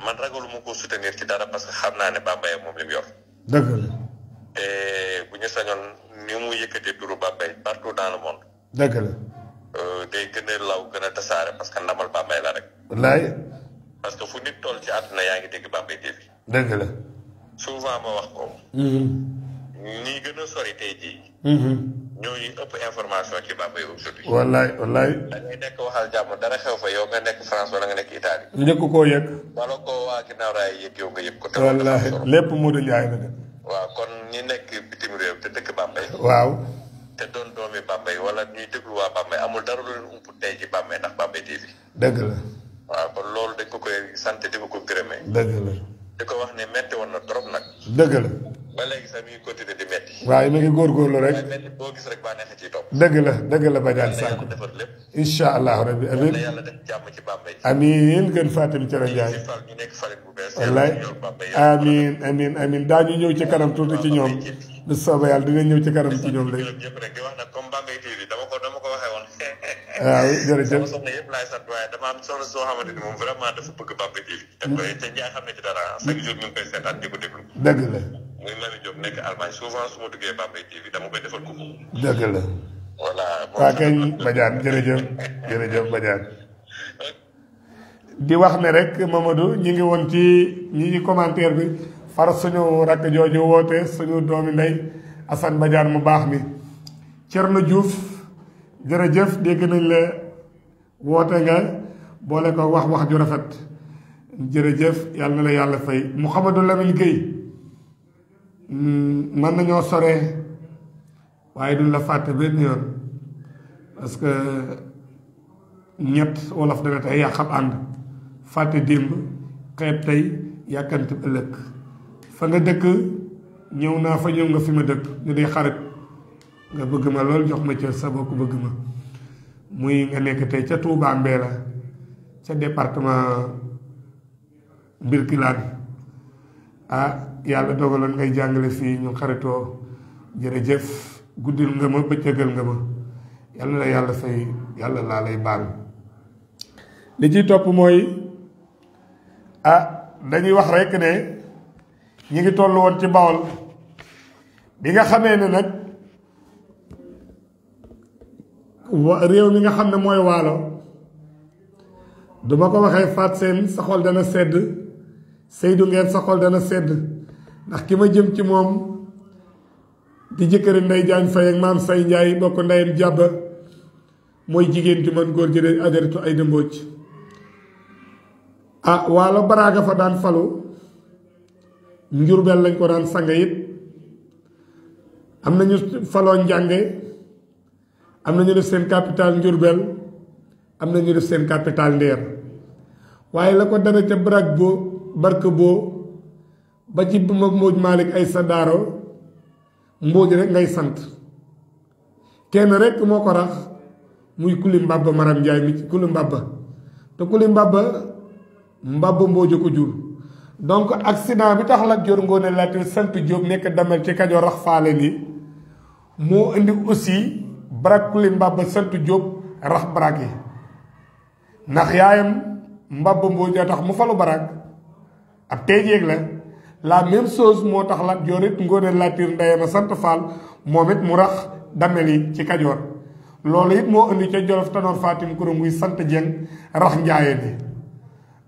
[SPEAKER 1] man ragalu mu ko soutenir ci dara parce que xam naa ne Bambey ak moom li yor. dëgg la. te bu ñu sañoon ni mu yëkkatee turu Bambey partout dans le monde. Euh, day gën a law gën a tasaare parce que ndamal Bambey la rek. wallaay. parce que fu nit toll ci àdduna yaa ngi dégg Bambey TV. dëgg la. souvent ma wax ko. ni mm-hmm. gën a sori tey jii. Mm-hmm. ñooñu ëpp information ci Bambey aujourd'hui. wallaay wallaay. da ngay nekk waxal jàmm dara xew fa yow nga nekk nekk Italie. njëkk koo de. waaw kon ñi nekk bitim réew te dëkk Bambey. waaw. te doon doomi Bambey walla ñuy déglu waa Bambey amul dara lu leen ump tey ji Bambey ndax Bambey TV. dëgg la. waaw loolu dañ ko koy sant di ko ko dëgg la. di ko wax ne metti na trop nag. dëgg la. ba léegi sax mi ngi mi ngi góorgóorlu rek. waaye boo gis rek baa neex ciy dëgg la dëgg la ba daal sàkku. defar lépp. incha allah rabbi amiin na yàlla def ci Bambey. amiin gën Fatim Thioro Ndiaye. ñu nekk falit ñëw ci kanam tuuti ci ñoom. bu soobee dina ñëw ci kanam ci ñoom léegi. ñëpp rek di wax nag comme Bambey TV dama ko dama ko waxee woon. waaw jërëjëf sama soxna yëpp laay sant waaye dama am soxna soo xamante ni vraiment dafa bëgg Bambey TV. te koy te ñaa ci dara chaque jour mi koy seetaan di déglu. dëgg la. muy Mami Diop nekk Allemagne souvent su ma duggee TV dama koy dëgg la. di wax ne rek Mamadou ñi ngi woon ci ñi commentaire bi. far suñu rakk jooju woote suñu doomi ndey Assane Badiane mu baax mi na Diouf jërëjëf dégg nañ la woote nga boole ko wax wax ju rafet jërëjëf yàlla na la yàlla fay Mouhamadou Lamine Gueye man mm, nañoo sore waaye duñ la fàtte benn yoon parce que ñett wolof dana tey yàqab ànd fàtte démb xeeb tey yàkkanti ëllëg fa nga dëkk ñëw naa fa ñëw nga fi ma dëkk ñu dee xarit nga bëgg ma lool jox ma ca sa bokk bëgg ma muy nga nekk tey ca Touba Mbéla ca département Birkilane ah yàlla dogaloon ngay jàngale fii ñu xaritoo jërëjëf guddil nga ma bëccëgal nga ma yàlla la yàlla fay yàlla laa lay baal li ciy topp mooy ah dañuy wax rekk ne ñi ngi tollu won ci bawol bi nga xamee nak wa réew mi nga xamné moy walo duma ko fat sen sa dana sedd Seydou ngeen sa dana sedd ndax kima jëm ci mom di jëkkëri ndey jaañ fay ak mam say ndjay bokk ndeyam jabba moy jigen ju man gor adertu ay ah baraga fa dan falu njurbel lañ ko daan sang it am nañu faloo njànge am nañu def seen capital njurbel am nañu def seen capital ndeer waaye la ko dara ca barak boo ba ci ma mbóoj Malick ay sa daaro mbóoj rek ngay sant kenn rek moo ko rax muy kuli mbàbba maram njaay mi ci kuli mbàbba te kuli mbàbba mbàbba mbóojo ko jur donc accident bi tax Lat Joor Ngoone Latir sant Jóob nekk damel ci Kajoor rax faale nii moo indi aussi barak kuli mbàbb sant Jóob rax barak yi ndax yaayam mbàbb mboojoo tax mu falu barak ak tey jéeg la la même chose moo tax Lat Joor it Ngoone Latir ndeyam a sant Faal moom it mu rax damel yi ci Kajoor loolu yit moo indi ca Jolof Tanor Fatim Kuréel muy sant Jeng rax njaayeen yi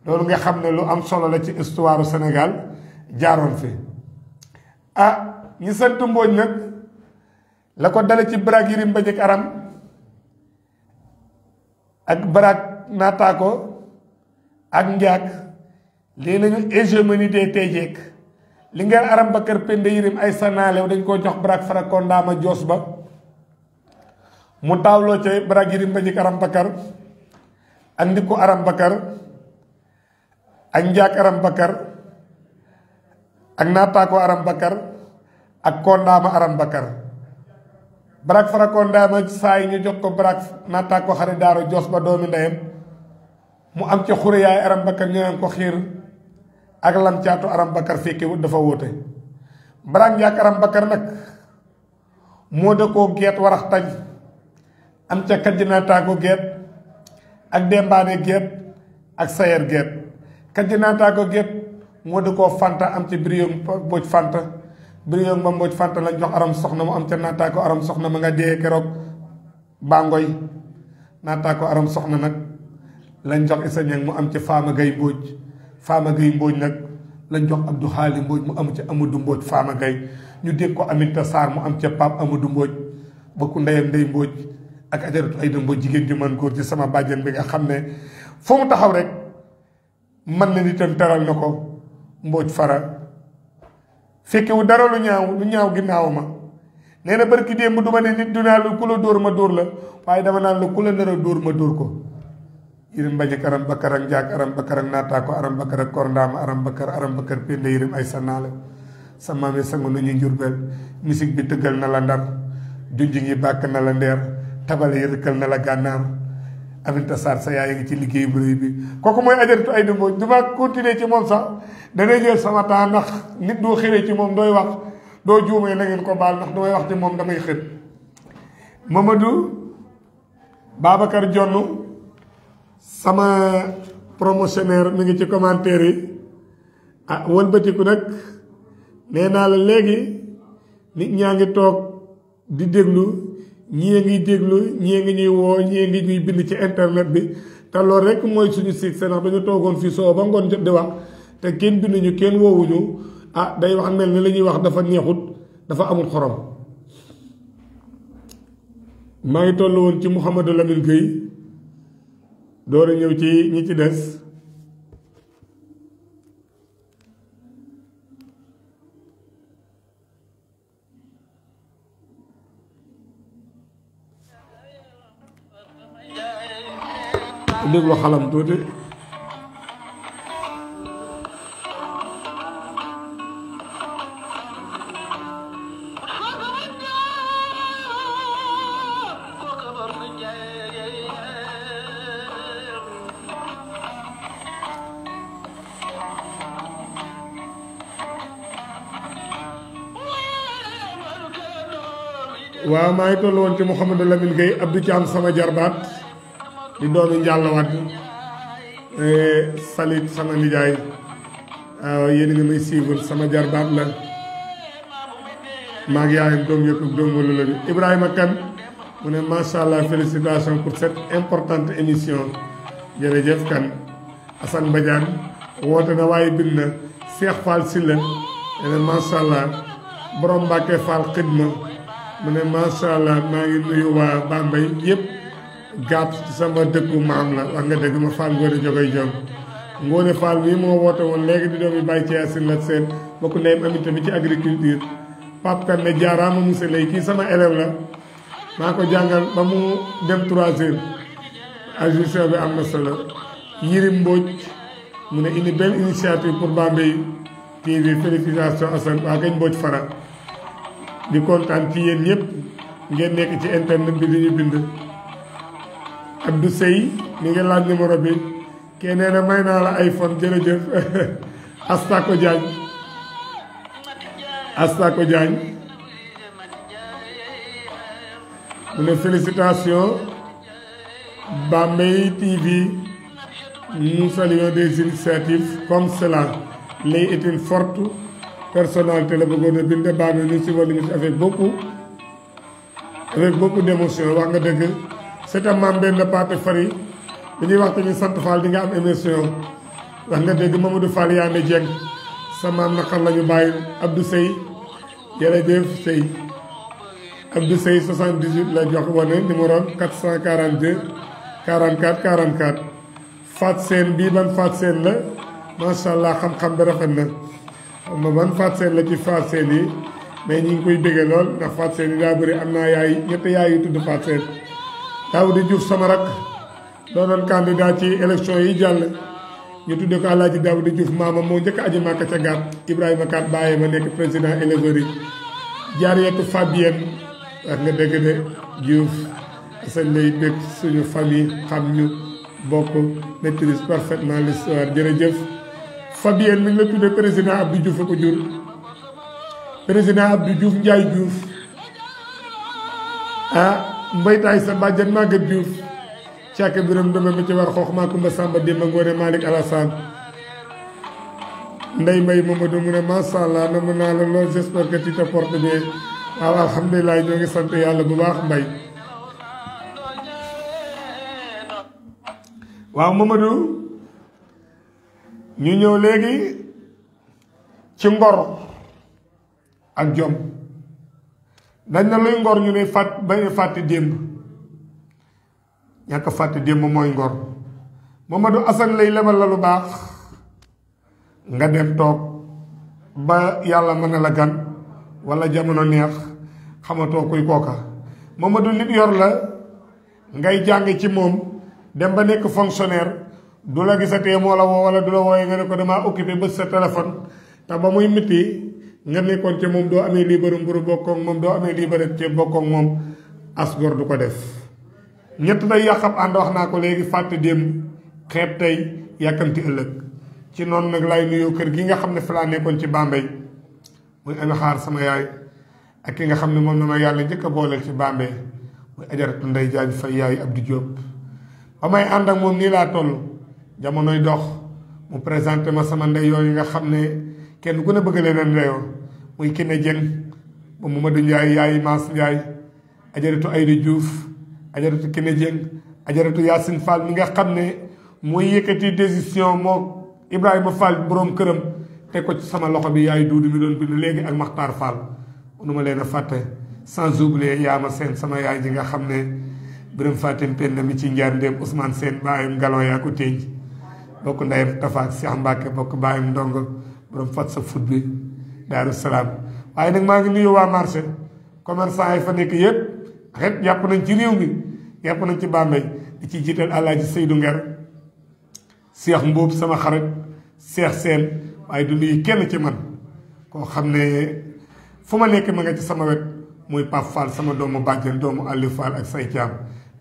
[SPEAKER 1] loolu nga xam ne lu am solo la ci histoire Sénégal jaaroon fi ah ñi sant Mbodj nag la ko dala ci Baraak Yirim Mbéjék Aram ak Baraak nataako ak Njaak lii la ñu hégémonie des Téjeek li ngeen Aram ba kër Pende Yirim ay sanaalew dañ koo jox Baraak Farakondaama Joos ba mu taawloo ca Baraak Yirim Mbéjék Aram Bakar ak ndikku Aram Bakar ak njaak aram bakkar ak naataako aram bakkar ak kondaama aram bakkar barak fara kondaama saa yi ñu jox ko barak naataako xari daaro jos ba doomi ndeyam mu am ci xure yaay aram bakkar ñu naan ko xiir ak lam caatu aram bakkar fekki dafa wóote barak njaak aram bakkar nag moo dëkkoo geet warax taj am ca kajj naataako geet ak dembaane geet ak sayer geet kantinantaago gépp moo di koo fanta am ci biriyoŋ booj fanta biriyoŋ ba mbóoj fanta lañ jox aram soxna mu am ca naataako aram soxna ma nga dee keroog bàngoy naataako aram soxna nag lañ jox isa ñang mu am ci faama gay mbóoj faama gay mbóoj nag lañ jox abdu xaali mbóoj mu am ci amadu mbóoj faama gay ñu dégg ko aminta saar mu am ca pap amadu mbóoj bokku ndeyam ndey mbóoj ak ajaratu ay dëmboo jigéen ju man góor ci sama bàjjen bi nga xam ne foo mu taxaw rek man leen itam teral na ko mbooj fara fekkiwu dara lu ñaaw lu ñaaw ginnaaw ma nee na barki démb du ma ne nit du naa lu ku dóor ma dóor la waaye dama naa la ku la nar dóor ma dóor ko yërëm mbañik aram bakkar ak njaag aram bakkar ak naataako aram bakkar ak korndaama aram bakkar aram bakkar pénda yërëm ay sa naa sa maame sangu nañu njurbel musique bi tëggal na la ndar junjing yi bàkk na la ndeer tabale yi rëkkal na la gànnaar ta sar sa yaay ngi ci liggey bu rëy bi kooku moy adertu ay dembo duma continuer ci mom sax ngay jël sama ta ndax nit do xere ci mom doy wax do juumee na ngeen ko bal ndax doy wax ci mom damay xet mamadou babakar jonn sama promotionnaire mi ngi ci commentaire ah wëlbatiku nag nee naa la léegi nit ñangi tok di déglu ñii ngi déglu ñii ngi ñuy woo ñii ngi ñuy bind ci internet bi te loolu rek mooy suñu succès ndax dañu toogoon fii soow ba ngoon jot di wax te kenn binduñu kenn woowuñu ah day wax mel ni la ñuy wax dafa neexut dafa amul xorom maa ngi toll woon ci Mouhamadou Lamine Gueye door ñëw ci ñi ci des ku déglu xalam tuuti waaw maa ngi tollu woon ci Mouhamadou sama jarbaat di doomi Diallo euh salit sama nijaay euh yéen ngi may siiwul sama jarbaat la maa ngi yaayam doom yepp doom wala la Ibrahima kan mune ma sha allah félicitations pour cette importante émission jërëjëf kan Assane badian wote na way bind Cheikh Fall sille mu ma sha allah borom Mbacke Fall khidma mune ma sha allah ma ngi nuyu wa bambay yepp gàpp sama dëkku maam la wax nga dëgg ma Fall Ngoné Jogoy Jog Ngoné Fall mii moo woote woon léegi di doomi Baye Thiassine la seen bokk ndeyam amit tamit ci agriculture Pape Kane ne jaaraama monsieur kii sama élève maa ko jàngal ba mu dem trois heures agriculture bi am na solo Yirim Mbodj mu ne une belle initiative pour Bambey TV félicitations Assane waa gañ Mbodj Fara di kontaan ci yéen ñëpp ngeen nekk ci internet bi di ñu bind Abdou Sey ni nga laaj numéro bi kee nee may naa la iPhone jërëjëf Astako Diagne Astako Diagne mu ne félicitation Bambey TV nous saluons des initiatives comme cela Lay est une forte personnalité la bëggoon a bind Bambey nous suivons l'émission avec beaucoup avec beaucoup d'émotion wax nga dëgg seetam maam benn Paate Fari bi ñuy wax tamit sant Fall di nga am émission wax nga dégg Mamadou Fall Yande Dieng sa maam naqar la ñu bàyyi Abdou Sey jërëjëf Sey Abdou Sey 78 la jox wane numéro 442 44 44 Faat Seen bii ban Faat Seen la macha allah xam-xam bi rafet na xam nga ban Faat Seen la ci Faat Seen yi mais ñu ngi koy béggee lool ndax Faat Seen yi daa bëri am naa yaay ñetti yaay yu tudd Faat Seen Daouda Diouf sama rak doonoon candidat ci élection yi jàll ñu tuddee ko Alaaji Daouda Diouf maama moo njëkk aji Màkka ca gaat Ibrahima Kat Baye ma nekk président éleveur yi Jaariyatu Fabienne nga dëgg de Diouf asan lay bëgg suñu famille xam ñu bokk maîtrise parfaitement l'histoire jërëjëf Fabienne mi ngi la tuddee président Abdou Diouf a ko jur président Abdou Diouf Ndiaye Diouf ah mbaytaay sa bàjjan màggat Diouf càkk biram dama ma ci war xoox maa kumba sàmba démba ngoone Malick Alassane ndey mbay Mamadou mu ne macha allah namu naa la lool j'espère que tu te portes waaw alhamdulilah ñoo ngi sant yàlla bu baax mbay waaw Mamadou ñu ñëw léegi ci ngor ak jom dañ na luy ngor ñu ne fat bañ fàtte demb ñàkk fàtte demb moy ngor mamadou asan lay lebal la lu bax nga dem tok ba yalla mën la gan wala jamono neex xamato kuy koka mamadou nit yor la ngay jang ci mom dem ba nek fonctionnaire dula gisate mo la wo wala dula woy nga ne ko dama occuper ba sa telephone ta ba muy miti nga nekkoon ca moom doo amee liibaru mburu bokkoog moom doo amee liibaru ceeb bokkoog moom as du ko def ñett day yàqab ànd wax naa ko léegi fàtte démb xeeb tey yàkkamti ëllëg ci noonu nag lay nuyoo kër gi nga xam ne fa laa nekkoon ci Bambey muy Ami Xaar sama yaay ak ki nga xam ne moom na ma yàlla njëkk a booleel ci Bambey muy ajaratu nday jaaj fay yaayu Abdou Diop ba may ànd ak moom nii laa toll jamonoy dox mu présenté ma sama ndey yooyu nga xam ne kenn ku ne bëgg leen layoo muy Kiné Diène ba Mamadou Ndiaye yaay Mass Ndiaye ajaratu Ayda Diouf ajaratu Kiné Diène ajaratu Yacine Fall mi nga xam ne mooy yëkkati décision moo Ibrahima Fall boroom këram teg ko sama loxo bi yaay duudu mi doon bind léegi ak Makhtar Fall nu ma leen a fàtte sans yaa ma seen sama yaay ji nga xam ne biram fatim penn mi ci njaar ndéem Ousmane seen baayam galon yaa ko ténj bokk ndeyam tafaak Cheikh Mbacke bokk baayam borom fat sa foot bi daaru salaam waaye nag maa ngi nuyu waa marché commerçant yi fa nekk yëpp xet jàpp nañ ci réew mi yàpp nañ ci Bambey di ci jiital Alaaji Seydou Nger Seex Mboob sama xarit Seex Seen waaye du nuyu kenn ci man koo xam ne fu ma nekk ma nga ci sama wet muy Pape Fall sama doomu bàjjen doomu Aliou Fall ak say caam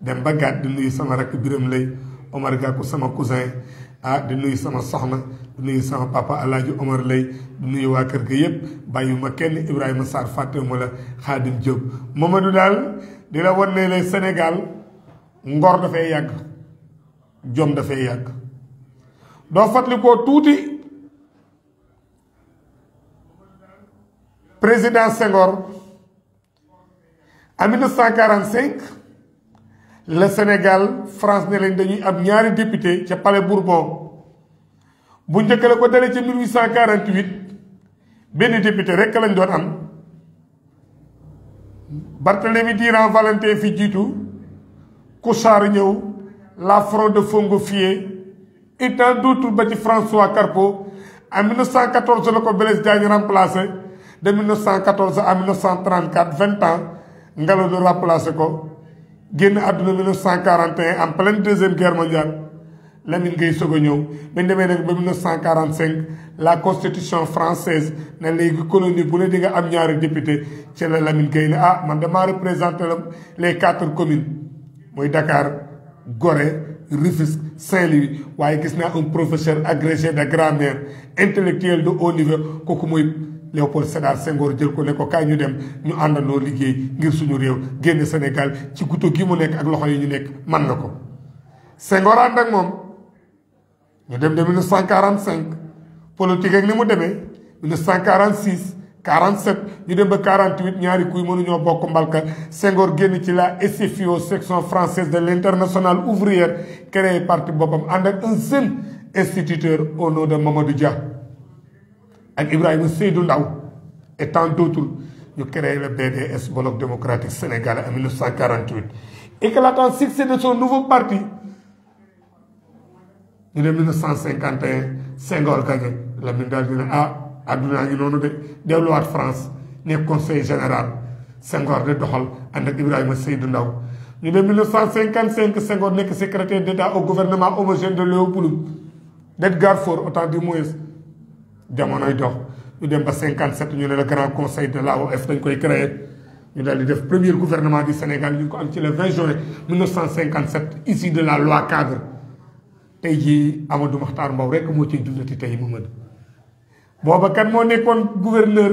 [SPEAKER 1] dem ba gàtt di nuyu sama rekk Biram Lay Omar Gakou sama cousin ah di nuyu sama soxna di nuyu sama papa alaaji Omar lay di nuyu waa kër ga yëpp bàyyiwuma kenn Ibrahima Sarr fàttewuma la Xaadim Diop Mamadou daal di la wan ne la Sénégal ngor dafay yàgg jom dafay yàgg doo fàttali koo tuuti président Senghor en 1945 le Sénégal France ne leen dañuy am ñaari député ca palais Bourbon bu njëkk la ko dalee ca 1848 benn député rek lañ doon am Barthélemy Diran Valentin fi jiitu Kouchard ñëw la Fronde de et tant d'autres ba ci François Carpot en 1914 la ko Blaise Diagne remplacé de 1914 à 1934 20 ans nga la doon remplacé ko. génn àdduna 1941 en pleine deuxième guerre mondiale Lamine Gueye soog a ñëw bañ demee nag ba 1945 la constitution française ne léegi colonie bu ne di nga am ñaari député ci la Lamine Gueye ne ah man damaa représenté la les quatre communes mooy Dakar gore Rufisque Saint-Louis waaye gis naa un professeur agrégé de grammaire intellectuel de haut niveau kooku mooy Léopold Sédar Senghor jël ko ne ko kaay ñu dem ñu àndandoo liggéey ngir suñu réew génn Sénégal ci guto gi mu nekk ak loxo yi ñu nekk man na ko Senghor ànd ak moom ñu dem de 1945 politique ak ni mu demee 1946 47 ñu dem ba 48 ñaari kuy mënuñoo bokk mbalka Senghor génn ci la SFIO section française de l'internationale ouvrière yi parti boppam ànd ak un jeune instituteur au de Mamadou Dia. Et Ibrahim Seydou Ndaw et tant d'autres ñu créé le BDS Bloc démocratique sénégalais en 1948 Et éclatant succès de son nouveau parti En 1951 Senghor gagné La ministre ah, de Abdoulaye ah addunaa de France le conseil général Senghor de doxal ànd Ibrahim Ibrahima Seydou Ndaw 1955 Senghor n'est que secrétaire d'État... au gouvernement homogène de Léopold d'Edgar Faure autant du Moïse jamonoy dox ñu dem ba 57 ñu grand conseil de l'AOF dañ koy créé. ñu daal di def premier gouvernement du Sénégal ñu ko am ci le 20 juin 1957 ici de la loi cadre tay ji Amadou makhtar mbaw rek mo ci dundati tay mu mën booba kan moo nekkoon gouverneur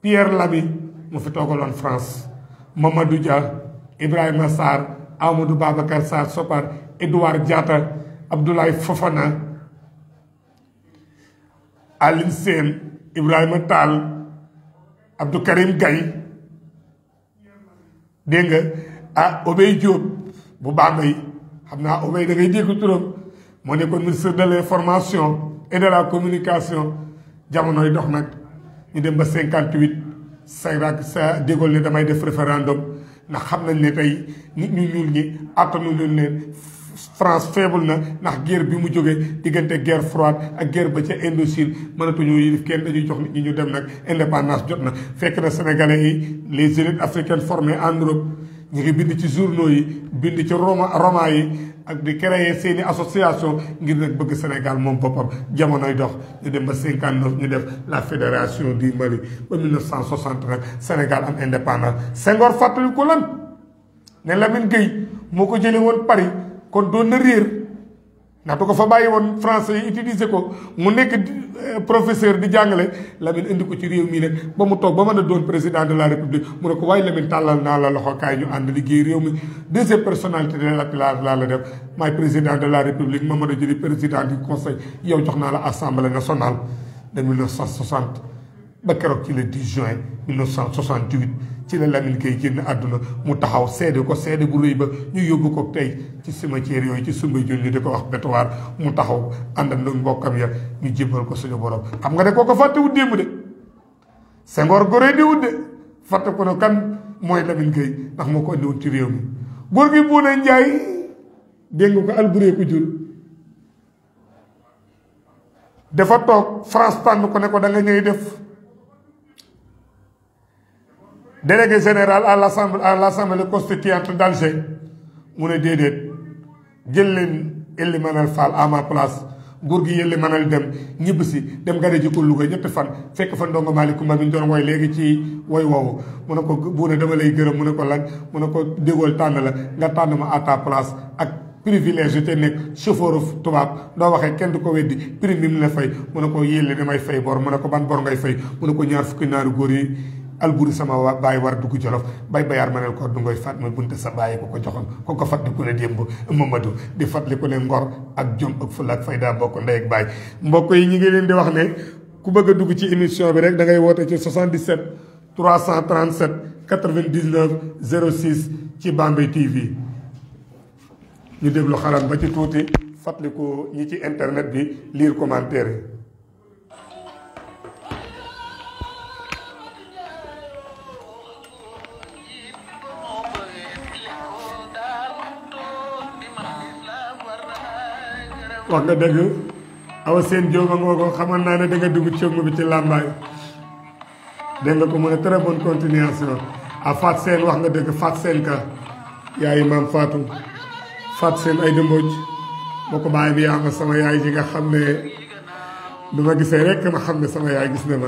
[SPEAKER 1] Pierre Lamy mu fi toogaloon France Mamadou Dia Ibrahima sar Amadou Babacar sar Sopar Edouard Diatta Abdoulaye Fofana Aline Sène Ibrahima Tall Abdou Karim Gaye dégg nga ah Obey Diop bu Bambey xam naa Obey da ngay dégg turam moo nekkoon ministre de l'information et de la communication jamonoy dox nag ñu dem ba cinquante huit sayrak sa déggoo ne damay def référendum ndax xam nañ ne tey nit ñu ñuul ñi attanu leen leen France faible na ndax guerre bi mu jógee diggante guerre froide ak guerre ba ca Indochine mënatuñu yilif kenn dañuy jox nit ñi ñu dem nag indépendance jot na fekk na sénégalais yi les élites africaines formées en Europe ñu ngi bind ci journaux yi bind ci roman roman yi ak di créer seeni association ngir nag bëgg Sénégal moom boppam jamonoy dox ñu dem ba cinquante neuf ñu def la fédération du Mali ba mille neuf cent soixante nag Sénégal am indépendance Senghor fàttali ko lan ne moo ko jëlee woon kon doon na réer ndax da ko fa bàyyi woon français yi utiliser ko mu nekk euh, professeur di jàngale Lamine indi ko ci réew mii nag ba mu toog ba mën a doon président de la république mu ne ko waaye Lamine tàllal naa la loxo kaay ñu ànd liggéey réew mi deuxième personnalité de la place laa la def maay président de la république ma mën a jëli président du conseil yow jox naa la assemblée nationale de 1960 ba keroog ci le 10 juin 1968 ci la Lamine Gueye génn aduna mu taxaw seede ko seede bu reuy ba ñu yóbbu ko tay ci cimetière yoy ci sumbe jël ñu diko wax bétoir mu taxaw àndandoo mbokam ya ñu jibal ko suñu borom xam nga ko faté fàttewu démb dé Senghor goré di wudé faté ko ne kan moy Lamine Gueye ndax moko andi woon ci réew mi gor gi Buuna na dégg nga ko alburee ko jur dafa tok France tan ko ne ko da nga ñëy def délégué général à l'assemblée à l'assemblée constituante d'Alger mu ne déedéet jël leen Ely Manel Fall à ma place góor gi Ely Manel dem ñibbisi dem gane ji ko Louga ñetti fan fekk fa ndongo Malick Coumba bi ñu doon woy léegi ci woy woowu mu ne ko buune dama lay gërëm mu ne ko lan mu ne ko dégool tànn la nga tànn ma à ta place ak privilège te nekk chauffeur tubaab doo waxee kenn du ko weddi prix mi mu la fay mu ne ko yéele damay fay bor mu ne ko ban bor ngay fay mu ne ko ñaar fukki naaru góor yi alburi sama waa bàyyi war dugg jolof bay bayaar ma ne ko du ngoy fàtt ma bunte sa bàyyi ko ko joxoon ko ko fàttaliku ne démb Mamadou di fàttaliku ne ngor ak jom ak fulla ak fayda bokk ndey ak baay mbokk yi ñu ngi leen di wax ne ku bëgg a dugg ci émission bi rek da ngay woote ci 77 337 99 06 ci Bambey TV ñu déglu xalam ba ci tuuti fàttaliku ñi ci internet bi liir commentaire wax nga dëgg awa seen jóoba ngoo ko xamal naa ne da nga dugg cëmm bi ci làmbaay dégg nga ko mu ne très bonne continuation a ah, fat seen wax nga dëgg fat seen ka yaay maam fatu fat seen ay dëmbooj moo ko bàyyi bi yaa ma sama yaay ji nga xam ne du ma gisee rek ma xam ne sama yaay gis na ma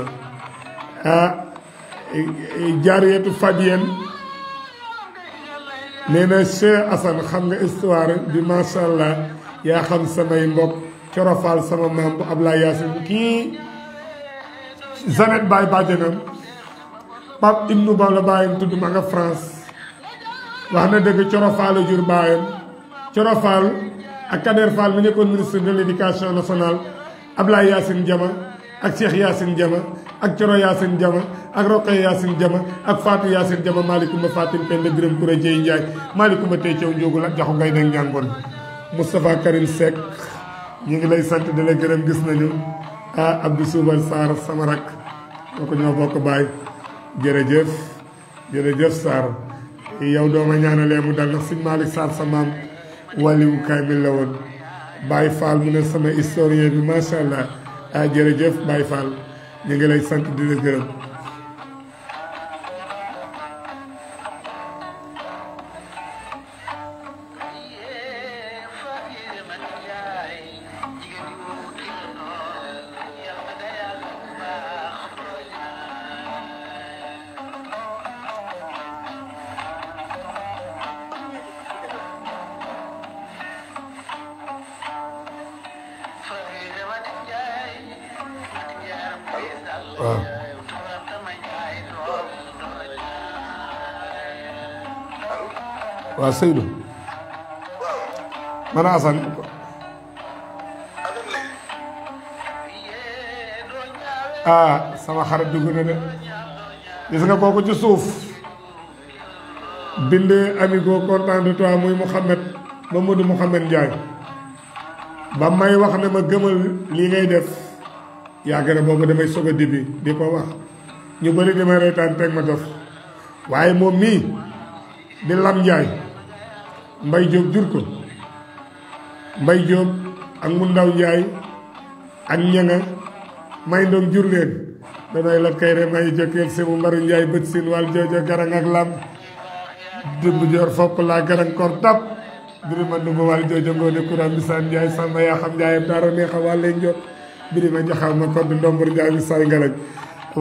[SPEAKER 1] ah nee na Cheikh asan xam histoire bi macha allah yaa xam samay mbokk corofaal sama maam bu Ablaye Yacine kii Zanet Baye bàjjanam Pape Ibnou Ba la bàyyam tudd ma nga France wax na dëgg corofaal a jur bàyyam corofaal ak Kader Fall mi nekkoon ministre de l' éducation nationale Ablaye Yacine Diama ak Cheikh Yacine Diama ak Coro Yacine Diama ak Roqay Yacine Diama ak Fatou Yacine Diama Malicoumba Fatim Penda Biram Koura Dieye Ndiaye Malicoumba Tey Thiaw Ndiogou la Jaxu Gaynde Njàngoon Moustapha Karim Seck ñu ngi lay sant di la gërëm gis nañu ah Abdou Soubal Sarr sama rak moo ko ñoo bokk baay jërëjëf jërëjëf Sarr yow dooma ñaanalee mu dal ndax sëñ Malick Sarr sa maam wàlliwu kaamil la woon Baye Fall mu ne sama historien bi macha allah ah jërëjëf Baye Fall ñu ngi lay sant di la gërëm waaw ah. waaw Seydou man Assane ah sama xarit dugg na de gis nga kooku ci suuf bindee amigo content de toi muy Mouhamed Mamadou Mouhamed Ndiaye ba may wax ne ma gëmal lii ngay def yàgg na boobu damay soog a début di ko wax ñu bëri di ma reetaan teg ma dof waaye moom mii di Lam Njaay Mbay Jóob jur ko Mbay Jóob ak mu ndaw Njaay ak ñanga may ndoom jur leen danay lat kay re may jokkeel si mu mbaru Njaay bët siin wàll joojo garang ak lam dëbb joor fopp laa garang kor tap diri ma dumba wàll joojo ngoone kuram bisaan Njaay sàmba yaa xam Njaayam daaro neexa wàlleen jot Birima Ndiakhate ma code Ndombre Ndiaye bi Saay Ngalañ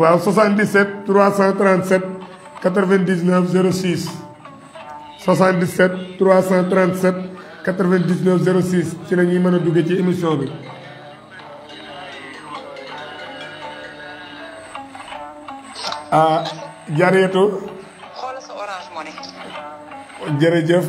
[SPEAKER 1] waaw 77 337 99 06 77 337 99 06 ci la ñuy mën a duggee ci émission bi. ah jareetu jërëjëf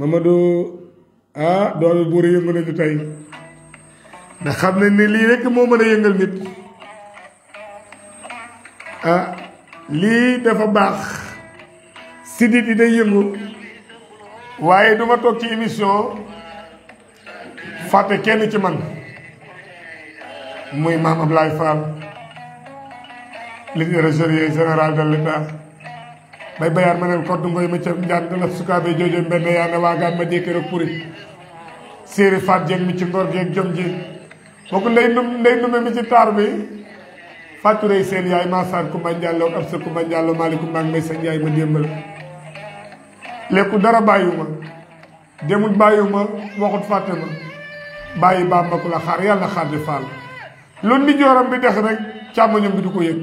[SPEAKER 1] Mamadou ah doomi buur yëngu nañu tey ndax xam nañ lii rekk moo mën a yëngal nit ah, lii dafa baax sidit yi day yëngu waaye duma toog ci émission fàtte kenn ci man muy maam Ablaye Fall le trésorier général de ɓay bayar manen koddungoye mi cafjanɗala sukaɓe joojom mbenne yana wagama jekere puri séeri fat dieng mi ci ngor geeg jom ji bokk ndey num ndey mi ci taar bi fàtturey seen yaay ma saan Kumba Njallo ak Absa Kumba Njallo malikum maa ma waxut fàtte ma bàyyi baam ma la xaar yàlla xaar di faal loolu ni jooram bi dex rek càmmoñam bi du ko yëg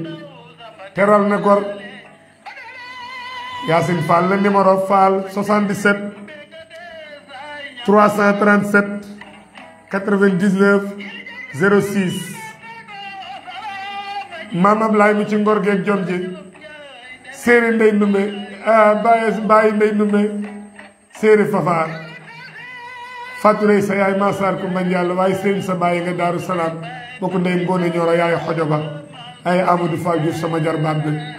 [SPEAKER 1] teral na gor Yacine Fall la numéro Fall 77 337 99 06 maam Ablaye mi ci ngor geeg jom ji séeri ndey ndumbe ah, bàyyi bàyyi ndey ndumbe séeri fafaar fàtturey sa yaay masar ku mbañ yàlla waaye sëriñ sa bàyyi nga daaru salaam bokku ndey ngoone ñoro yaay xojo ba ay Amadou Fall Diouf sama jarbaat bi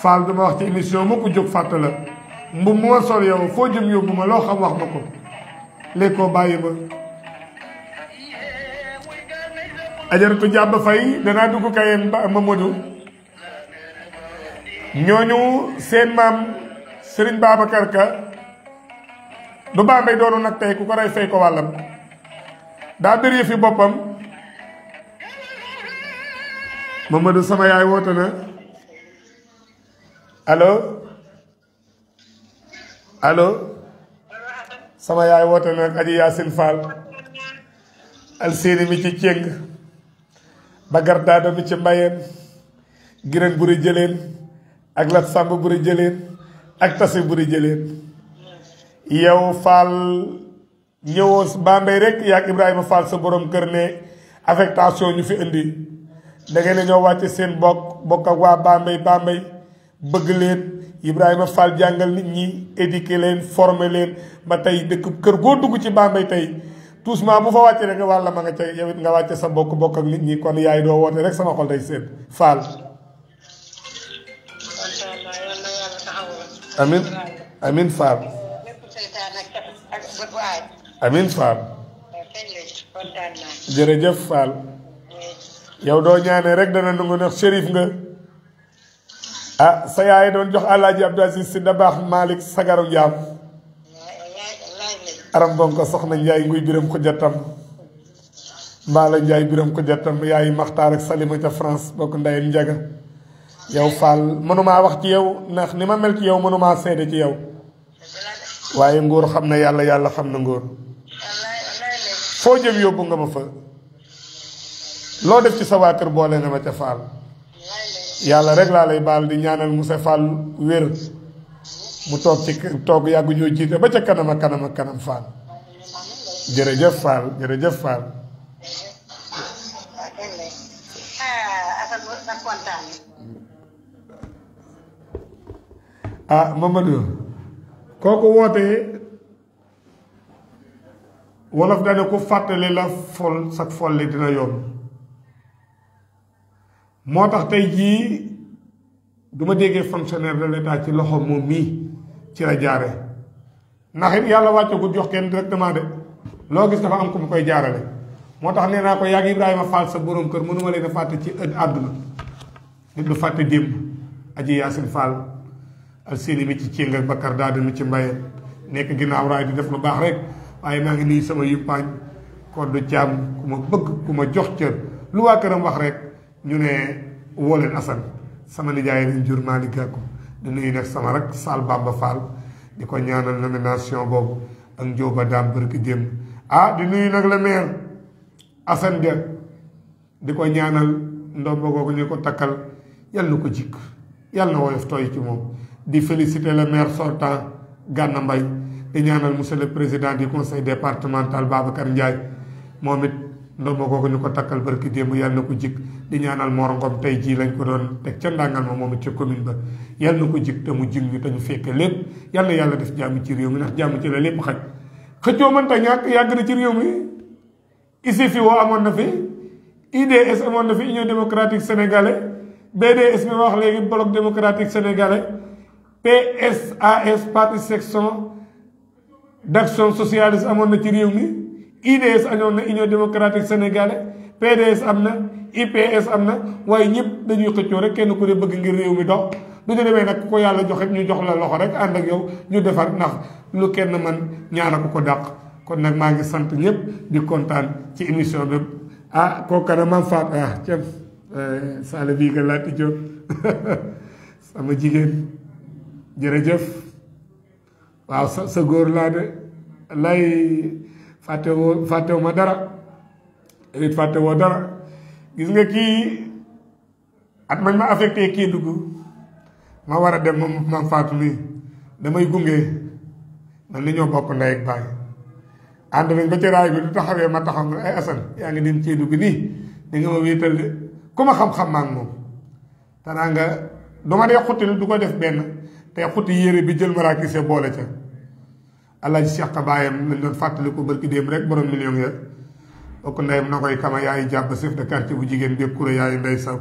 [SPEAKER 1] Fall dama wax ci émission ma ko jóg fàtte la mu ma sol yow foo jëm yóbbu ma loo xam wax ma ko léegi koo bàyyi ba ajaratu jàbb fay danaa dugg kayeen ba Mamadou ñooñu seen maam Serigne Babacar Ka du Bambey doonu nag tey ku ko rey fay ko wàllam daa bir yëfi boppam Mamadou sama yaay woote na allo allo sama yaay woote nag aji Yacine Fall alseeni mi ci céng bagar daado mi ci mbayeen giréen buri jëleen ak lat sàmb buri jëleen ak tasi buri jëleen yow Fall ñëwoo Bambey rek yaa Ibrahima Fall sa borom kër ne affectation ñu fi indi da ngeen ne ñoo wàcc seen bokk bokk ak waa Bambey Bambey bëgg leen Ibrahima Fall jàngal nit ñi éduquer leen former leen ba tey dëkk kër goo dugg ci Bambey tey tous ma bu fa wàccee rek wàlla ma nga ca yow it nga wàcce sa bokk bokk ak nit ñi kon yaay doo woote rek sama xol day seet Fall. amin amin Fall. amin Fall. jërëjëf doo ñaanee rek dana nangu neex shérif nga. ah sa yaay doon jox alaaji Abdou Aziz si da baax Malick sagaru jaam aram bonko soxna Njaay nguy biram ko jottam mbaala Njaay biram ko jottam yaay maxtaar ak salima ca France bokk ndeyam njaga yow Fall mënumaa wax ci yow ndax ni ma mel ci yow mënumaa seede ci yow waaye nguur xam na yàlla yàlla xam na nguur foo jëm yóbbu nga ma fa loo def ci sa waa kër boole na ma ca Fall yàlla rek laa lay baal di ñaanal Moussa Fall wér mu toog ci toog yàggu ñoo jiite ba ca kanam ak kanam ak kanam Fall jërëjëf Fall jërëjëf Fall. ah Mamadou kooku wootee wolof dana ku fàttali la fol sa folli dina yomb. moo tax tey jii du ma fonctionnaire de l'état ci loxo mo mi ci la jaare ndax it waccu wàccagul jox kenn directement dé lo gis dafa am kum koy jaarale moo tax nee ko yàgg ibrahima fall sa borom kër mënu ma a fàtte ci ëdd nit du faté dem aji yasin fall al seeni mi ci céng ak bakkar daal mi ci mbaye nek ginaaw raay di def lu baax rek waaye ma ngi ni sama pañ ko du jam kuma bëgg kuma jox ci lu wa këram wax rek ñu ne woo leen sama nijaay lañ jur Malick Gakou di nuyu nag sama rak Sall Bamba Fall di ko ñaanal nomination boobu ak Ndioba Dame bërki démb ah di nuyu nag le maire Assane Dia di ko ñaanal ndombo googu ñu ko takkal yàlla na ko jikk yàlla na woyof tooy ci moom di féliciter le maire sortant Gana Mbaye di ñaanal monsieur le président du conseil départemental Babacar Ndiaye moom it ndombo googu ñu ko takkal barki démb yàlla na ko jik di ñaanal ya rongom tay ji lañ ko doon tek ca ndangal mo momu ci commune ba yalla na ko jik te mu jig ñu tañu fekke lepp yalla yalla def jamm ci rew mi ndax jamm ci la xaj man ta ñak yag na ci rew mi isi fi wo amon na fi IDS amon na fi Union démocratique sénégalais BDS mi wax légui bloc démocratique sénégalais PSAS parti section d'action socialiste amon na ci rew mi IDS añoon na Union démocratique sénégalaise PDS am na IPS am na waaye ñëpp dañuy xëccoo rek kenn ku ne bëgg ngir réew mi dox du ñu demee nag ku ko yàlla jox rek ñu jox la loxo rek ànd ak yow ñu defar ndax lu kenn man ñaara ko ko dàq kon nag maa ngi sant ñëpp di kontaan ci émission bi ah kooku nag maam Fatou ah ca Sall bii sama jigéen jërëjëf waaw sa sa góor laa de lay. fàttewoo fàttewu ma dara it fàttewoo dara gis nga kii at mañ ma affecté kii dugg ma war a dem moom ma faatu mi damay gunge na li ñoo bokk ndey ak baay ànd nañ ma taxaw nga ay asan yaa ngi di nga ma wéetal de ku ma xam-xam moom tanaa nga du ma dee xutti du ko def benn te xutti yére bi jël maraakise boole ca alaaji Cheikh Ka baayam lañ doon fàttaliku barki démb rek borom million ya bokk ndeyam na koy kama yaay jàpp chef de quartier bu jigéen bépp kure yaay ndey saw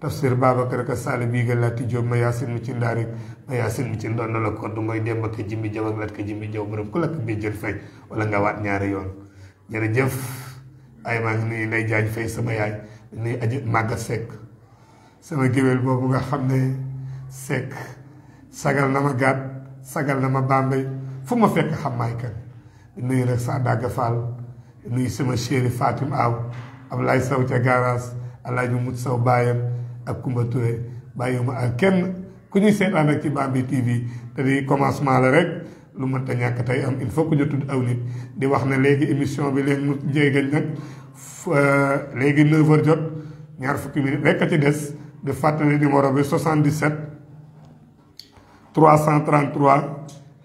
[SPEAKER 1] tafsir Babacar ka saali bii gën laa tijjoo ma yaasin mu ci ndaari ma yaasin mu ci ndond ko du ngoy dem ak jimbi jaw ak ka jimbi jaw borom ku lakk bii jël fay wala nga waat ñaari yoon jërëjëf ay maa ngi nuyu jaañ fay sama yaay nuyu aji màgga sekk sama géwél boobu nga xam ne sagal na ma gaat sagal na ma bàmbay fu ma fekk xam maay kan nuyu nag Sadaga Fall nuyu sama chéri Fatim Aw Ablaye Sow ca garage Alaaji Mut Sow bàyyam ak Kumba Touré bàyyiwuma ak kenn ku ñuy seetaan ak ci Bambi TV te di commencement la rek lu mënta ñàkk tey am il faut que ñu tudd aw nit di wax ne léegi émission bi léegi mu jéegañ nag euh, léegi 9 jot ñaar fukki minutes rek a ci des di fàttali numéro bi 77 333.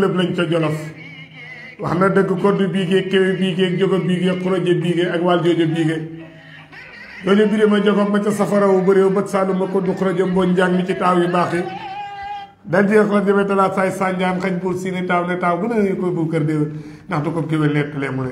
[SPEAKER 1] lépp lañ ca jolof wax na dëgg koddu biigee kéwé biigee jógo biigee xuroje biigee ak wàll joojo biigee joojo biigee ma jogoom ma ca safarawu bëréew bët saalum ma koddu xuroje mboo njàng mi ci taaw yu baax yi dal di xol jëmee talaat saay sànjaan xañ buur si ni taaw ne taaw bu ne koy bu kër déewén ndax du ko kéwél nettalee mu ne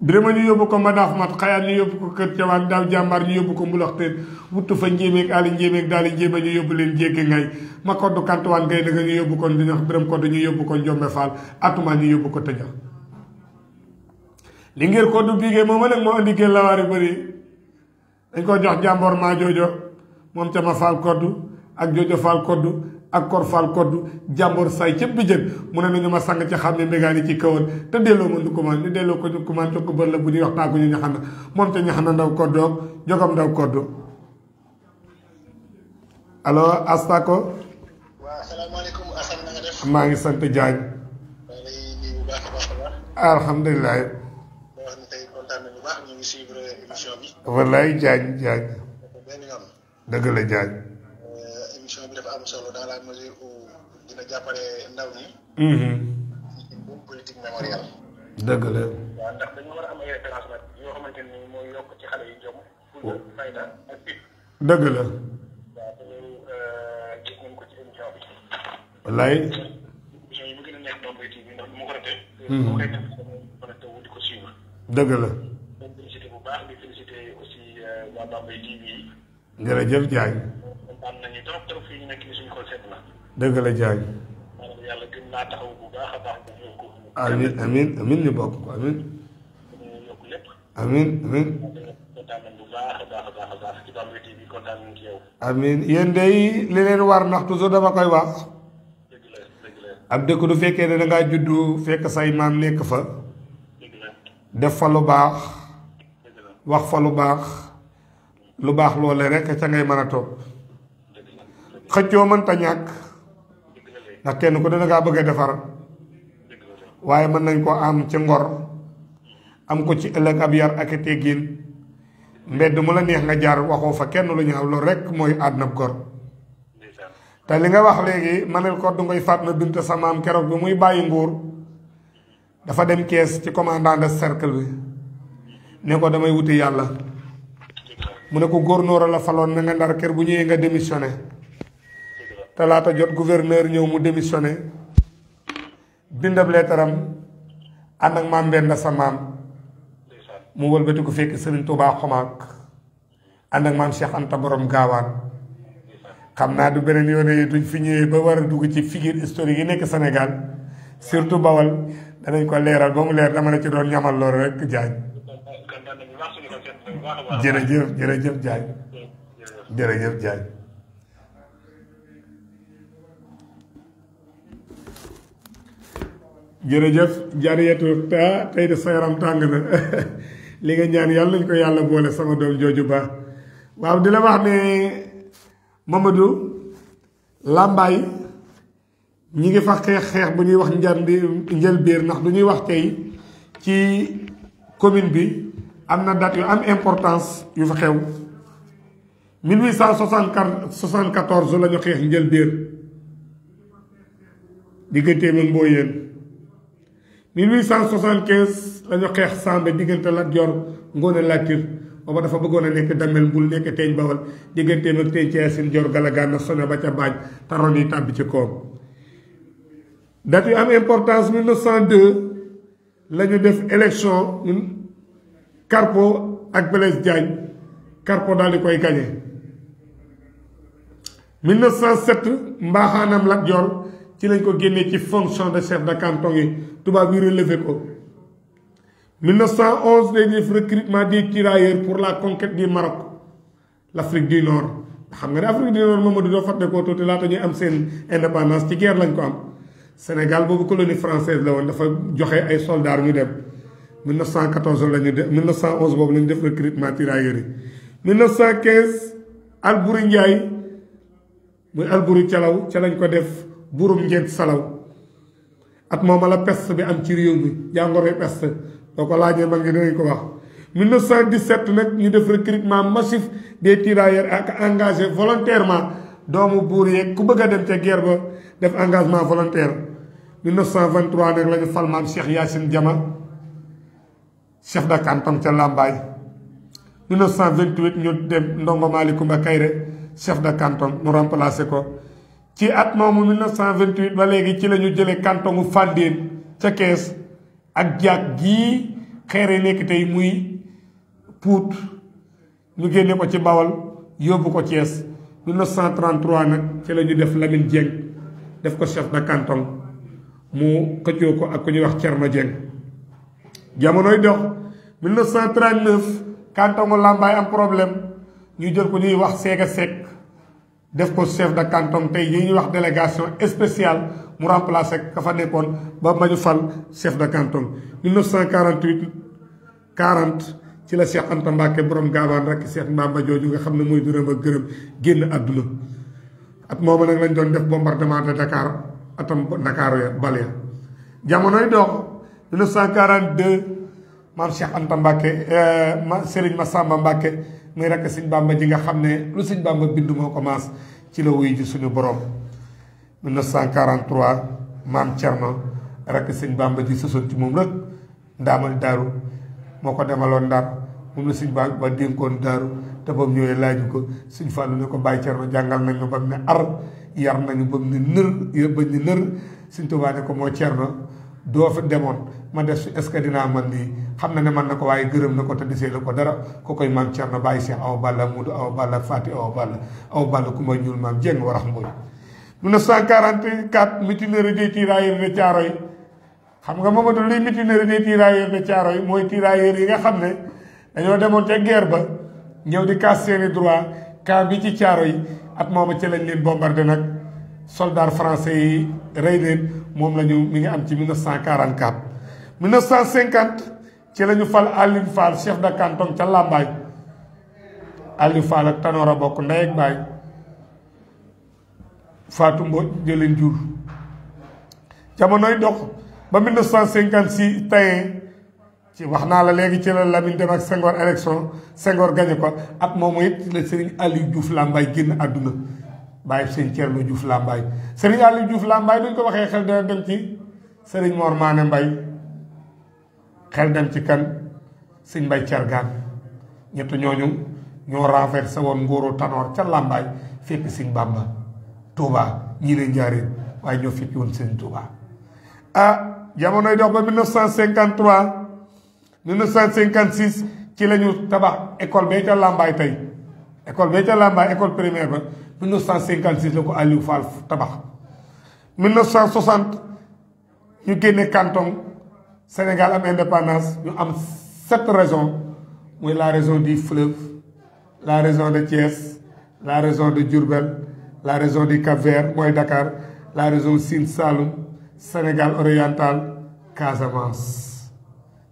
[SPEAKER 1] Birima ñu yóbbu ko Madaaf Mat Xayaat ñu yóbbu ko Kër Jawaan daaw jàmbaar ñu yóbbu ko Mbulaxteen wuttu fa njéemeeg àll njéemeeg daal njéeme ñu yóbbu leen jékki ngay ma koddu kantuwaan ngay dëgg ñu yóbbu ko Ndinax Biram koddu ñu yóbbu ko Njombe Fall atuma ñu yóbbu ko Tëja. li ngeen koddu biigee moom nag moo indi génn lawaari bëri dañ ko jox jàmboor maa joojo moom ca ma Fall koddu ak joojo Fall koddu. ak korfal koddu jàmboor saay cëpp bi jën mu ne nañu ma sang ci xam ne mbégaani ci kawoon te delloo ma ndukumaan ñu delloo ko ndukumaan ko bër la bu ñuy wax taagu ñu ñaxana moom te ñaxana ndaw koddoog jogam ndaw koddu allo Astako. maa ngi sant Diagne. maa ngi lay nuyu a a baax. alhamdulilah. ma wax ne tey kontaan nañu bu baax ñu ngi suivre émission bi. wallaay Diagne Diagne. dëgg la Diagne. émission bi am solo dans la mesure où dina jàppale ndaw ñi. Mm-hmm. politique mémoriale. dëgg la. waaw ndax am yoo xamante ni mooy yokk ci oh. dëgg la. waaw euh, nañ ko ci émission bi. wallaay. émission yi mu a nekk donc ko rafet. Mm-hmm. baax di félicité aussi euh, waa Bambey TV dëgg la Diagne. maanaam yàlla gën naa taxaw bu baax a ko. bokk ko amiin. ñu yokk lépp. amiin amiin. kontaan nañ war ndax toujours dama koy wax. ab dëkk du fekkee ne da juddu fekk say maam nekk fa. dëgg def fa lu baax. wax fa lu baax. lu baax loole rek ca ngay mën a topp xëccoo ta ñàkk ndax kenn ku ne dangaa bëgg a defar waaye mën nañ ko am ci ngor am ko ci ëllëg ab yar ak teggin mbedd mu la neex nga jaar waxoo fa kenn lu xam loolu rek mooy àdduna gor te li nga wax léegi manel ko du ngoy na Binta sa maam keroog bi muy bàyyi nguur dafa dem kees ci commandant de cercle bi ne ko damay wuti yàlla mu ne ko góornóora la faloon na nga ndar kër bu ñëwee nga démissionné Talata jot gouverneur ñew mu démissioné bindab lettaram and ak mam benn sa mam mu wëlbati ko fekk serigne touba xomak and ak mam Cheikh Anta borom gawan xamna du benen yone yi duñ fi ñewé ba wara a dugg ci figure historique yi nekk Sénégal surtout Bawal nañ ko leeral ba mu dama la ci doon ñamal lool rek jaaj jere jere jere jërëjëf jaariyatu ta tey de sa yaram tàng na li nga ñaan yàlla nañ ko yàlla boole sama doom jooju baax waaw dina wax ne Mamadou làmbaay ñi ngi fa xeex xeex bu ñuy wax njar njël biir ndax du ñuy wax tey ci commune bi am na date yu am importance yu fa xew 1874 la ñu xeex njël biir digganteem ak Mbooyeen 1875 la ñu xeex Samba diggante Lat Joor Ngoone Latiir booba dafa bëggoon a nekk damel mbul nekk teeñ bawal digganteem ak teeñ ci Yaasin Joor Galagana sone ba ca baañ taroon yi tàbbi ci koom date yu am importance 1902 la def élection ñun Carpo ak Blaise Diagne Carpo daal di koy gañe 1907 mbaaxaanam Lat Joor ci lañ ko génnee ci fonction de chef de canton yi tuba bi relevé ko 1911 dañ def recrutement des tirailleurs pour la conquête du Maroc l'Afrique du Nord xam nga ne Afrique du Nord Mamadou do fàtte ko tuuti laata ñuy am sen indépendance ci guerre lañ ko am Sénégal bobu colonie française la woon dafa joxé ay soldats ñu dem 1914 lañu ñu 1911 bobu la ñu def recrutement tirailleurs yi 1915 Albouri Ndiaye muy Albouri Calaw ca lañ ko def. burum ngeen salaw at mooma la peste bi am ci réew bi jàngoro pest boo ko laajee mag ñi dinañ ko wax 1917 nag ñu def recrutement massif des tirailleurs ak engagé volontairement doomu buur yeeg ku bëgg a dem ca guerre def engagement volontaire 1923 nag la ñu fal maam Cheikh Yacine Diama chef de canton ca Lambaye 1928 ñu dem Ndongo Malicoumba Kayre chef de canton mu remplacé ko ci at moomu 1928 ba legi ci lañu jëlé jëlee canton gu Fandène ca Kees ak jak gi xéré nek tay muy Pout ñu génne ko ci Bawol yobbu ko Thiès 1933 nak ci lañu def Lamine djeng def ko chef de canton mu xëccoo ko ak ku wax Thierno Dieng jamonoy dox 1939 canton gu Lambaye am problème ñu jël ko ñuy wax Séga Seck def ko chef de canton tay yi ñu wax délégation spéciale mu remplacer ka fa nekkoon ba mañu fal chef de canton 1948 40 ci la Cheikh Anta mbake borom gaban rek Cheikh mamba jooju nga xamne moy mooy dërëm ak gërëm genn aduna at moma nak lañ doon def bombardement de Dakar atam Dakar ya balé ya do 1942 mam Cheikh Anta mbake euh Serigne Massamba mbake muy rakk sëñ Bàmba ji nga xam ne lu sëñ Bàmba bind moo commence ci la wuyu ji suñu borom 1943 maam Thierno rakk sëñ Bàmba ji sosoon ci moom rek ndaamal daaru moo ko demaloon ndar moom la sëñ Bàmba dénkoon daaru te ba mu ñëwee laaju ko sëñ Fàllu ne ko Baay Thierno jàngal nañu ba mu ne ar yar nañu ba mu ne nër ba ñu nër sëñ Tuubaa ne ko moo Thierno doo fi demoon ma def si est que dinaa man lii xam na ne man na ko waaye gërëm na ko te desee la ko dara ko koy maam Cerno Baye a Awa Balla Moudou Awa Balla Fati Awa Balla Awa Balla ku ma ñuul maam Jeng warax mboy 1944 mutinerie des tirailleurs de Thiaroye xam nga Mamadou luy mutinerie des tirailleurs de Thiaroye mooy yi nga xam ne dañoo demoon ca guerre ba ñëw di casse seeni droit camp bi ci Thiaroye at mooma ca lañ leen bombardé nag soldat français yi rey leen moom la ñu mi ngi am ci 1944 1950 ci lañu ñu fal Alioune chef de canton ca Lambaye Alioune Fall ak Tanor a bokk ndey ak baay Fatou Mbodj jëleen jur dox ba 1956 tey ci wax naa la léegi ci la Lamine dem ak Senghor élection Senghor gañe ko at moomu it la Serigne Aliou Diouf Lambaye génn àdduna bàyyi sëñ Thierno Diouf Lambaye Serigne Aliou Diouf Lambaye duñ ko waxee xel dana dem ci Serigne Mor mbay xel dem ci kan sëñ mbay cergaan ñett ñooñu ñoo renversé woon ngóoro tanoor ca làmbaay fekk sëñ bàmba tuuba ñii leen njaareen waaye ñoo fekki woon sëñ tuuba ah jamonoy dox ba 1953 1956 ci lañu tabax école bee ca làmbaay tey école bee ca làmbaay école primaire ba 1956 la ko Aliou Fall tabax 1960 ñu génne canton Sénégal en indépendance nous avons sept raisons la raison du fleuve la raison de Thiès la raison de Durbel, la raison du Cap-Vert Dakar la raison Sine Saloum Sénégal oriental Casamance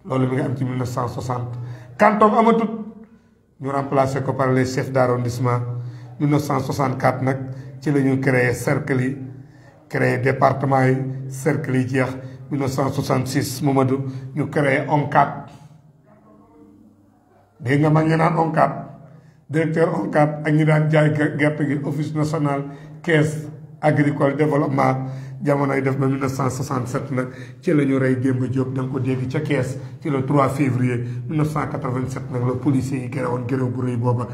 [SPEAKER 1] loolu de nga am en 1960 Quand on ñu remplacer remplacé par les chefs d'arrondissement 1964 nous avons créé le cercle créé département yi cercle 1966 Mamadou ñu créé ONCAP dégg nga mag ñi naan ONCAP directeur ONCAP ak ñu daan jaay gerte gi office national caisse agricole développement jamonoy def ba 1967 nag ci la ñu rey Demba Diop da nga ko dégg ca kees ci le 3 février 1987 nag la policiers yi gere bu rëy booba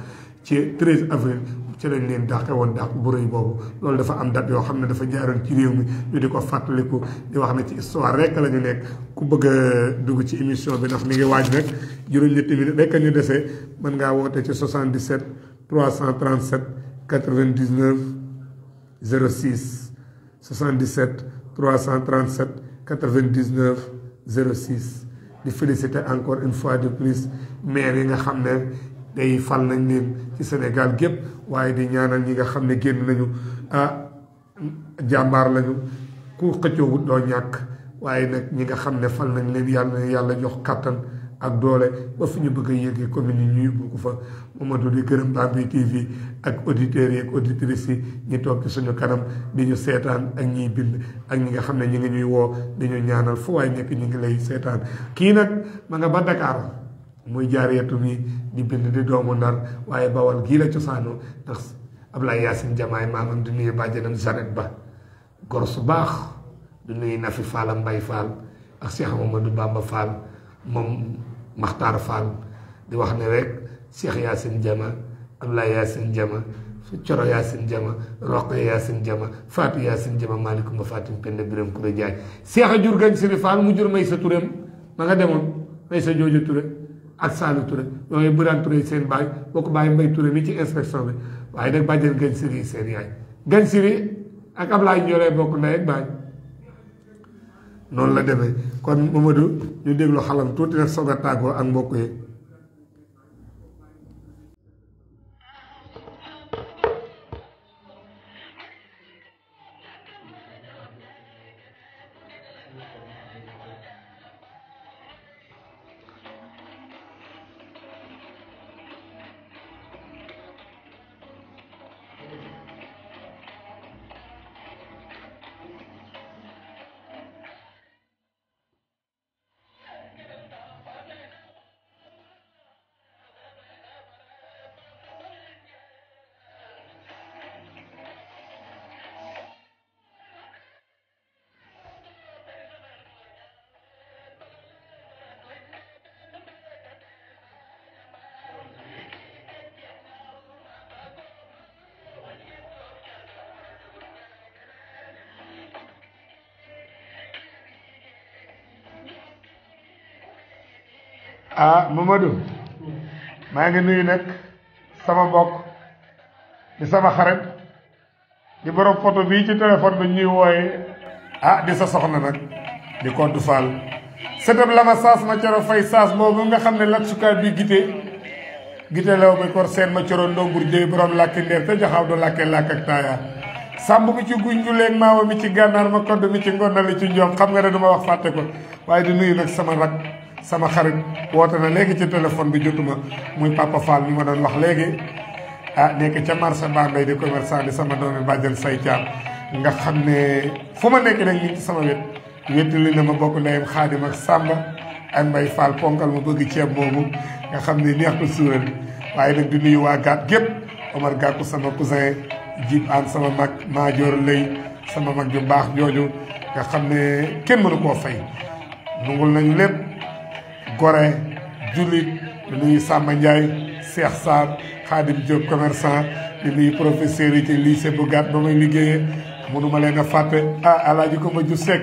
[SPEAKER 1] ci 13 avril ci lañ leen dàqe woon dàq bu rëy boobu loolu dafa am dat yoo xam dafa jaaroon ci réew mi ñu di ko fàttaliku di wax ci histoire rek la ñu ku bëgg a ci émission bi ndax mi ngi waaj rek juróom-ñetti minute rek ñu desee mën ngaa ci 77 337 99 06 77 337 99 06 di féliciter encore une fois de plus mère yi nga xam ne day fal nañ leen ci Sénégal gépp waaye di ñaanal ñi nga xam ne génn nañu ah jàmbaar lañu ku xëccoowut doo ñàkk waaye nag ñi nga xam ne fal nañ leen yàlla na yàlla jox kàttan ak doole ba fi ñu bëgg a yéegee commune yi ñuy bugg fa Mamadou di gërëm Bambey TV ak auditeurs yi ak auditrices yi ñu toog ci suñu kanam di ñu seetaan ak ñiy bind ak ñi nga xam ne ñi ngi ñuy woo di ñu ñaanal fu waaye nekk ñu ngi lay seetaan kii nag ma nga ba Dakar muy jaariyatu mi di bind di doomu nar waaye bawal gii la cosaanu ndax abla Yaasin Jamaay maamam di nuyu bàjjanam Zanet Ba gor su baax di nuyu Nafi Faalam Mbay Faal ak Cheikh Mamadou Bamba Faal moom Makhtar Faal di wax ne rek Cheikh Yaasin Jama abla yasin Jama coro yasin jama roqo yasin jama fatou yasin jama malikum ba fatim pende birem kure jaay cheikh jur sene faal mu jur may sa turam ma nga demoon may sa jojo ak Saalum Touré ñooñu Birane Touré seen baay boo ko bàyyi Mbaye Touré mi ci inspection bi waaye nag bàjjen Gagne Siri seen yaay Gagne Siri ak Ablaye ñoo leen bokk ndey ak baay noonu la demee kon Mamadou ñu déglu xalam tuuti rek soog a tàggoo ak mbokk yi mamadou ma nga nuyu nak sama bok di sama xarit di borom photo bi ci téléphone bi ñuy woy ah di sa soxna nak di Kodou fal setam la ma saas ma coro fay saas boobu nga xamne ne suka bi gite gite law bi kor seen ma ndo bur jëy borom lakki ndeer te joxaw do làkke lak ak taaya sambu mi ci gunjuleeg maawa mi ci gànnaar ma kodd mi ci ngondali ci njoom xam nga ne duma wax fàtte ko waye di nuyu nak sama rak sama xarit woote na léegi ci téléphone bi jotuma muy Papa Fall mi ma doon wax léegi ah nekk ca marché Bambey di commerçant di sama doomi bàjjal say caam nga xam ne fu ma nekk rek ñu ci sama wet wetti li na ma bokk ndeyam xaadim ak Samba ak Mbay Fall ponkal ma bëgg ceeb boobu nga xam ne neexul suural waaye nag di nuyu waa gaat gépp Omar Gakou sama cousin Jib Aan sama mag Maajoor Lay sama mag ju baax jooju nga xam ne kenn mënu koo fay nungul nañu lépp Goré Jullit di nuyu Samba Ndiaye Cheikh Sarr Khadim Diop commerçant di nuyu professeurs yi ci lycée bu gaat ba may liggéeyee mënuma leen a fàtte ah alaaji ko ma ju sekk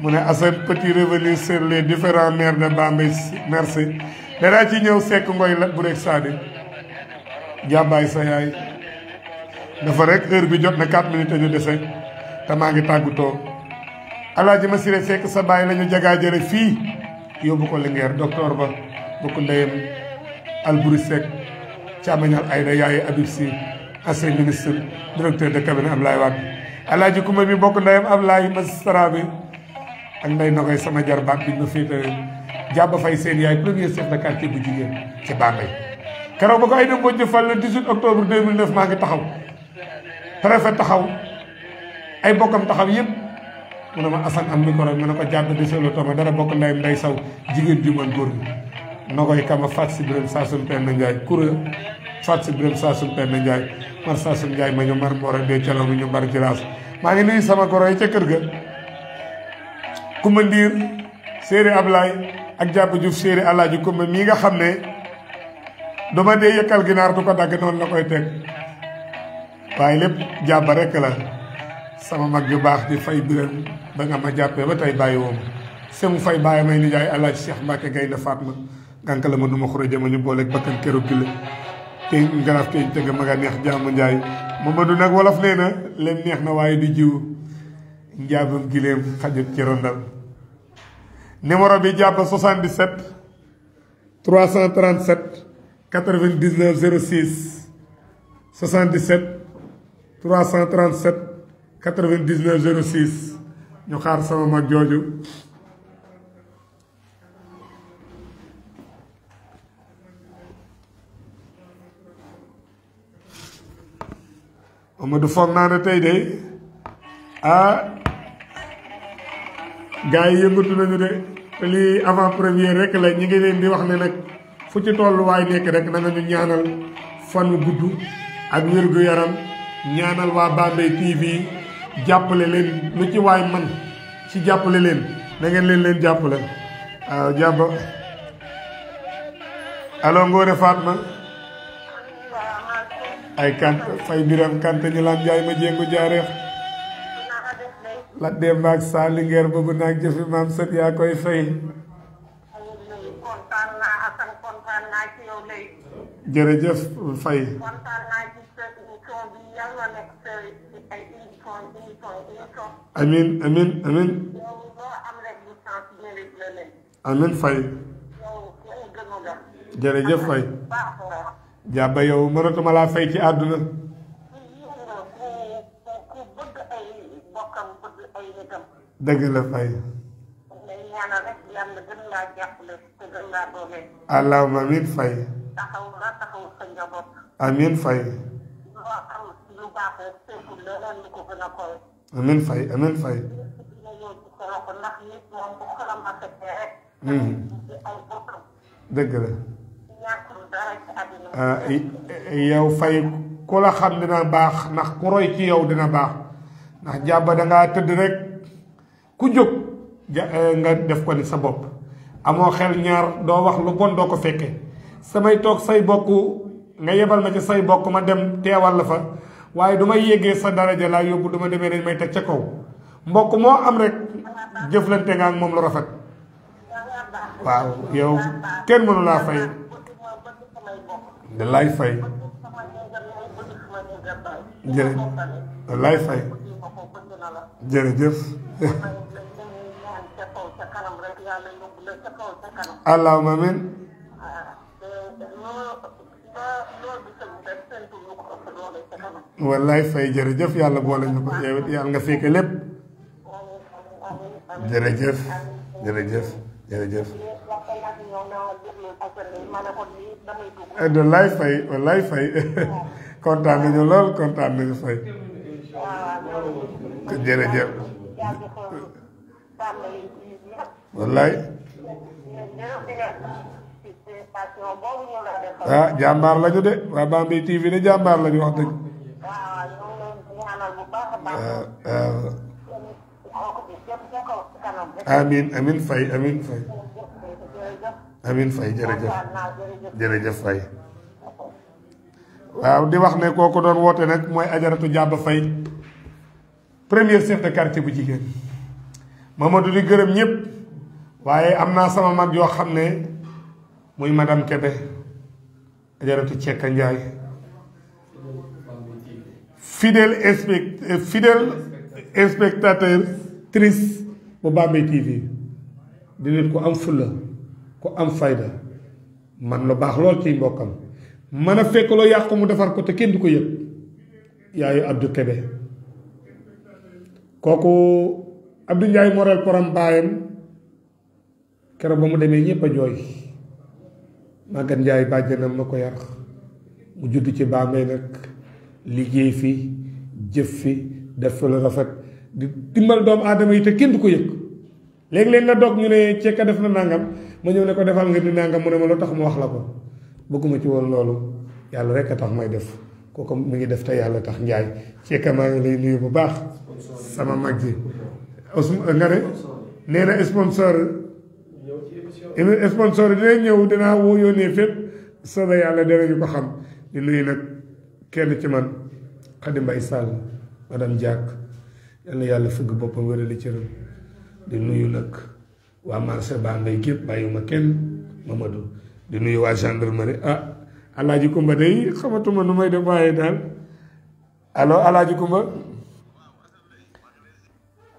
[SPEAKER 1] mu ne Assane petit revenu sur les différents maires de Bambey merci danaa ci ñëw sekk ngoy bu rek sadi jàmbaay sa yaay dafa rek heure bi jot na 4 minutes ñu dese te maa ngi tàggutoo alaaji ma siré sekk sa baay la ñu fii yóbbu ko Linguère docteur ba bokk ndeyam Alboury Seck càmmañal Ayda yaaye Habib Sy ancien ministre directeur de cabinet Ablaye Wade alaaji Kumba bi bokk ndeyam Ablaye magistrat bi ak nday na koy sama jarbaat bi ma féetale jàpp fay seen yaay premier chef de quartier bu jigéen ci Bambey keroog ba ko ay dem boo jëfal le 18 octobre 2009 maa ngi taxaw préfet taxaw ay bokkam taxaw yëpp mu ma asan am micro mu ko jadd di solo ma dara bokk nday nday saw jigéen ju man góor gi nogoy kama faat si biram saasum penn njaay kura faat si sa sun pen njaay mar sun ma ñu mar mboore ci law ñu ci ras ma ngi nuy sama goro yi ca kër ga kumba ndir séeri ablay ak japp juuf séeri alaaji kumba mi nga xam ne dama yekal ginar du ko dag non la koy tek waye lepp rek la sama mag yu bax di fay biram ba nga ma jàppee ba tey bàyyi woo ma semu fay bàyyi may nijaay alaaji Cheikh Mbacke Gaynde Fatma gànka la ma nu ma xura jëma ñu booleeg bakkan keroog gi la te ngaraaf te tëgg ma nga neex jaamu njaay Mamadou nag wolof nee na leen neex na waaye di jiw njaabam gileem xajut ci rondal numéro bi jàpp 77 337 99 06 77 337 99 06 ñu xaar sama mag jooju Amadou foog naa ne tey de ah yi yëngatu nañu de lii avant première rek la ñu ngi leen di wax ne nag fu ci tolluwaay nekk rek na nga ñu ñaanal fan gudd ak wér gu yaram ñaanal waa Bambey TV. jàppale leen lu ci waay man ci jàppale leen na ngeen leen leen jàppale waaw jàmba allo Ngoone Fatma ay kant fay biram kante ñu laan jaay ma jéngu jaareex la dem naag saa lingeer bëgg naag jëfi maam sët yaa koy fay jërëjëf fay amin amin amin amin fay jërëjëf fay jàbba yow mënatuma laa fay ci adduna dëgg la fay allahumma amin fay amin fay amiin fay amiin fay. Hmm. dëgg la. Ah, yow fay ku la xam dina baax ndax ku roy ci yow dina baax ndax jàmba da ngaa tëdd rek ku jóg eh, nga def ko ni sa bopp amoo xel ñaar doo wax lu bon doo ko fekkee samay toog say bokk nga yebal ma ci say bokk ma dem teewal la fa. waaye dumay may yéegee sa daraja laa yóbbu du ma demee dañ may teg ca kaw mbokk moo am rek jëflante nga ak moom lu rafet waaw yow kenn mënu laa fay lay fay jërë da lay fay amin wallaay fay jërëjëf yàlla boole ñu ko yow yàlla nga fekke lépp jërëjëf jërëjëf jërëjëf de lay fay wallaay fay kontaan nañu lool kontaan nañu fay jërëjëf wallaay ah jàmbaar lañu de waa Bambey TV de jàmbaar lañu wax dëgg waaw amin amin fay amin fay amin fay jërëjëf jërëjëf fay waaw di wax ne kooku doon woote nag mooy ajaratu jàbb fay premier chef de quartier bu jigéen Mamadou di gërëm ñëpp waaye am naa sama mag yoo xam ne muy madame Kébé ajaratu Cekka Njaay fidèle inspect eh, fidèle inspectateur tris, bu Bambey TV di nit ko am fulla ko am fayda man lo baax lool ci mbokkam mën a fekk loo mu defar ko te kenn du ko yëg yaayu Abdou Kébé kooku Abdou Ndiaye moral porom baayam keroog ba mu demee ñëpp a jooy Maguette Ndiaye bàjjanam ma ko yar mu judd ci Bambey nag liggéey fi jëf fi def fi lu rafet di dimbal doom aadama yi te kenn du ko yëg léegi-léeg nga doog ñu ne cekka def na nàngam ma ñëw ne ko defal nga di nàngam mu ne ma lu tax mu wax la ko bëgguma ci woon loolu yàlla rek a tax may def kooku mu ngi def te yàlla tax njaay cekka maa ngi lay nuyu bu baax sama mag ji nga ne nee na sponsor sponsor dina ñëw dinaa woo yónnee fépp soobee yàlla danañu ko xam di nuyu nag kenn ci man xadi mbay sall madam jack yalla yalla yàlla fëgg boppam ci cëram di nuyu nag wa marché ba mbay gep bayuma kenn Mamadou di nuyu wa gendarmerie ah alaaji Kumba day xamatuma nu may def waye dal allo alaaji Kumba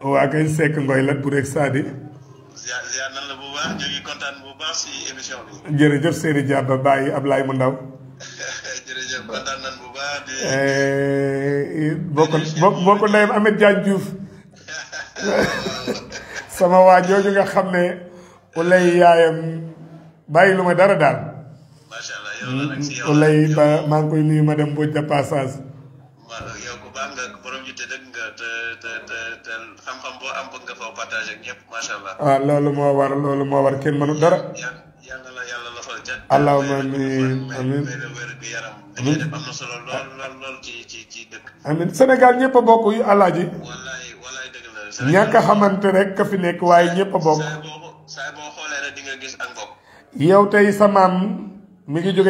[SPEAKER 1] oh, ak ay sek ngoy lat bu rek sadi ziar ziar nan la bu baax jogi contane bu baax si émission bi jeuf Seydou jabba bàyyi Ablaye mu ndaw Eh, bokk bokk ndeyam Amed Diagne Diouf sama waa jooju nga xam ne ulay yaayam bàyyi lu ma dara daal ulay ba maa koy nuyu ma dem boj de passage waaw ah, loolu moo war loolu moo war kenn mënu dara Allah allahumma amin amin wér amin sénégal ñëpp bokk yu rek ka fi bokk rek di nga gis ak yow sa mi ngi ci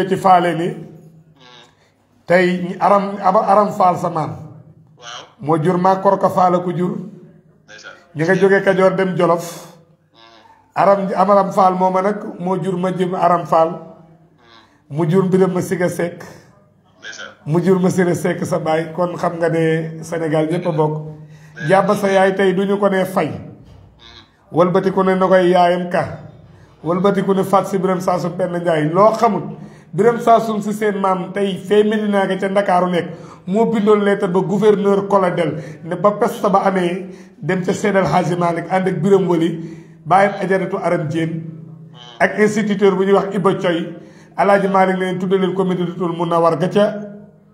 [SPEAKER 1] ni hmm. aram aram faal sa maam moo jur maa korka faala ku jur ñi nga dem jolof aram amaram faal mooma nag moo jur ma jëm aram faal mu jur mbiram ma siga sekk mu jur ma si sekk sa baay kon xam nga ne Sénégal ñépp a bokk jàpp sa yaay tey du ñu ko ne fay walbati ku ne na koy yaayam ka walbati ku ne fat si biram saasum penn njaay loo xamut biram saasum si seen maam tey fee mel naa ca ndakaaru nekk moo bindoon lettre ba gouverneur colonel ne ba peste ba amee dem ca seedal Hadji Malick ànd ak biram wali bàyyam ajaratu aram jéen ak instituteur bu ñuy wax Iba Coy alaaji Maalik leen tudde leen ko Medinatul Munawwar ga ca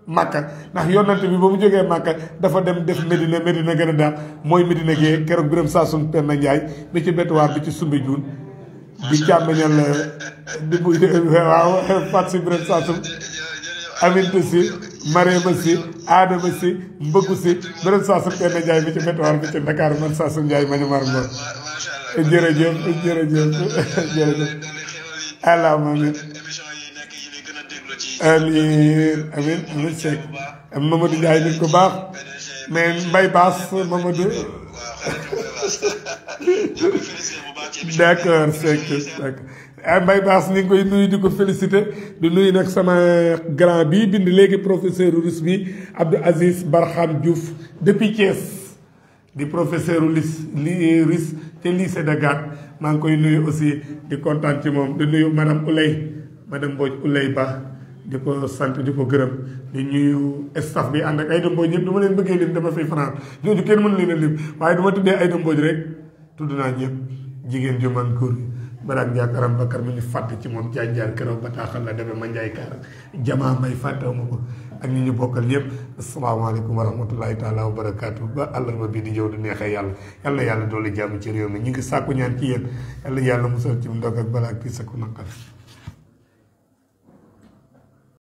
[SPEAKER 1] màkka ndax yonante bi ba mu jegee màkka dafa dem def Medina Medina gën a daal mooy Medina gee keroog biram saa sun penn njaay bi ci bettuwaar bi ci sumbi juun bi càmmeñal eh, di bu waaw fat si biram saa sun aminte si Marème Sy Adama Sy Mbëggu Sy beneen saa su kenn jaay bi ci météo bi ci Dakar man saa su Ndiaye ma ne Mar Ngor jërëjëf jërëjëf jërëjëf allahumma amiin amiin amiin amiin Seck Mamadou Ndiaye nit ku baax mais Mbaye Baas Mamadou d'accord Seck d'accord mbay eh, baas ni koy nuyu diko ko di nuyu nak sama grand bi bind légui professeur russe bi abdou aziz barham diouf depuis thiès di professeur lis li russe te lycée de gat mang koy nuyu aussi di kontaan ci mom di nuyu madame oulay madame mbooj oulay ba diko sante diko di gërëm di nuyu staff bi and ak ay dëmbooj ñëpp du leen bëggé leen dama fay france jojju kenn mënu leen lim waye duma ma tuddee ay dëmbooj rek tudd naa jigen jigéen ju man góor baraag yaakaaram bakar mi ngi fàtt ci moom jaanjaar keroog bataaxal la demee ma njaay kaar jamaa may fàttewuma ko ak ñu ñu bokkal ñëpp asalaamaaleykum wa rahmatullahi taala wa barakaatu ba àllarba bii di ñëw di neexee yàlla yàlla yàlla doole jàmm ci réew mi ñu ngi sàkku ñaan ci yéen yàlla yàlla musal ci mu ndog ak balaa kii ku naqar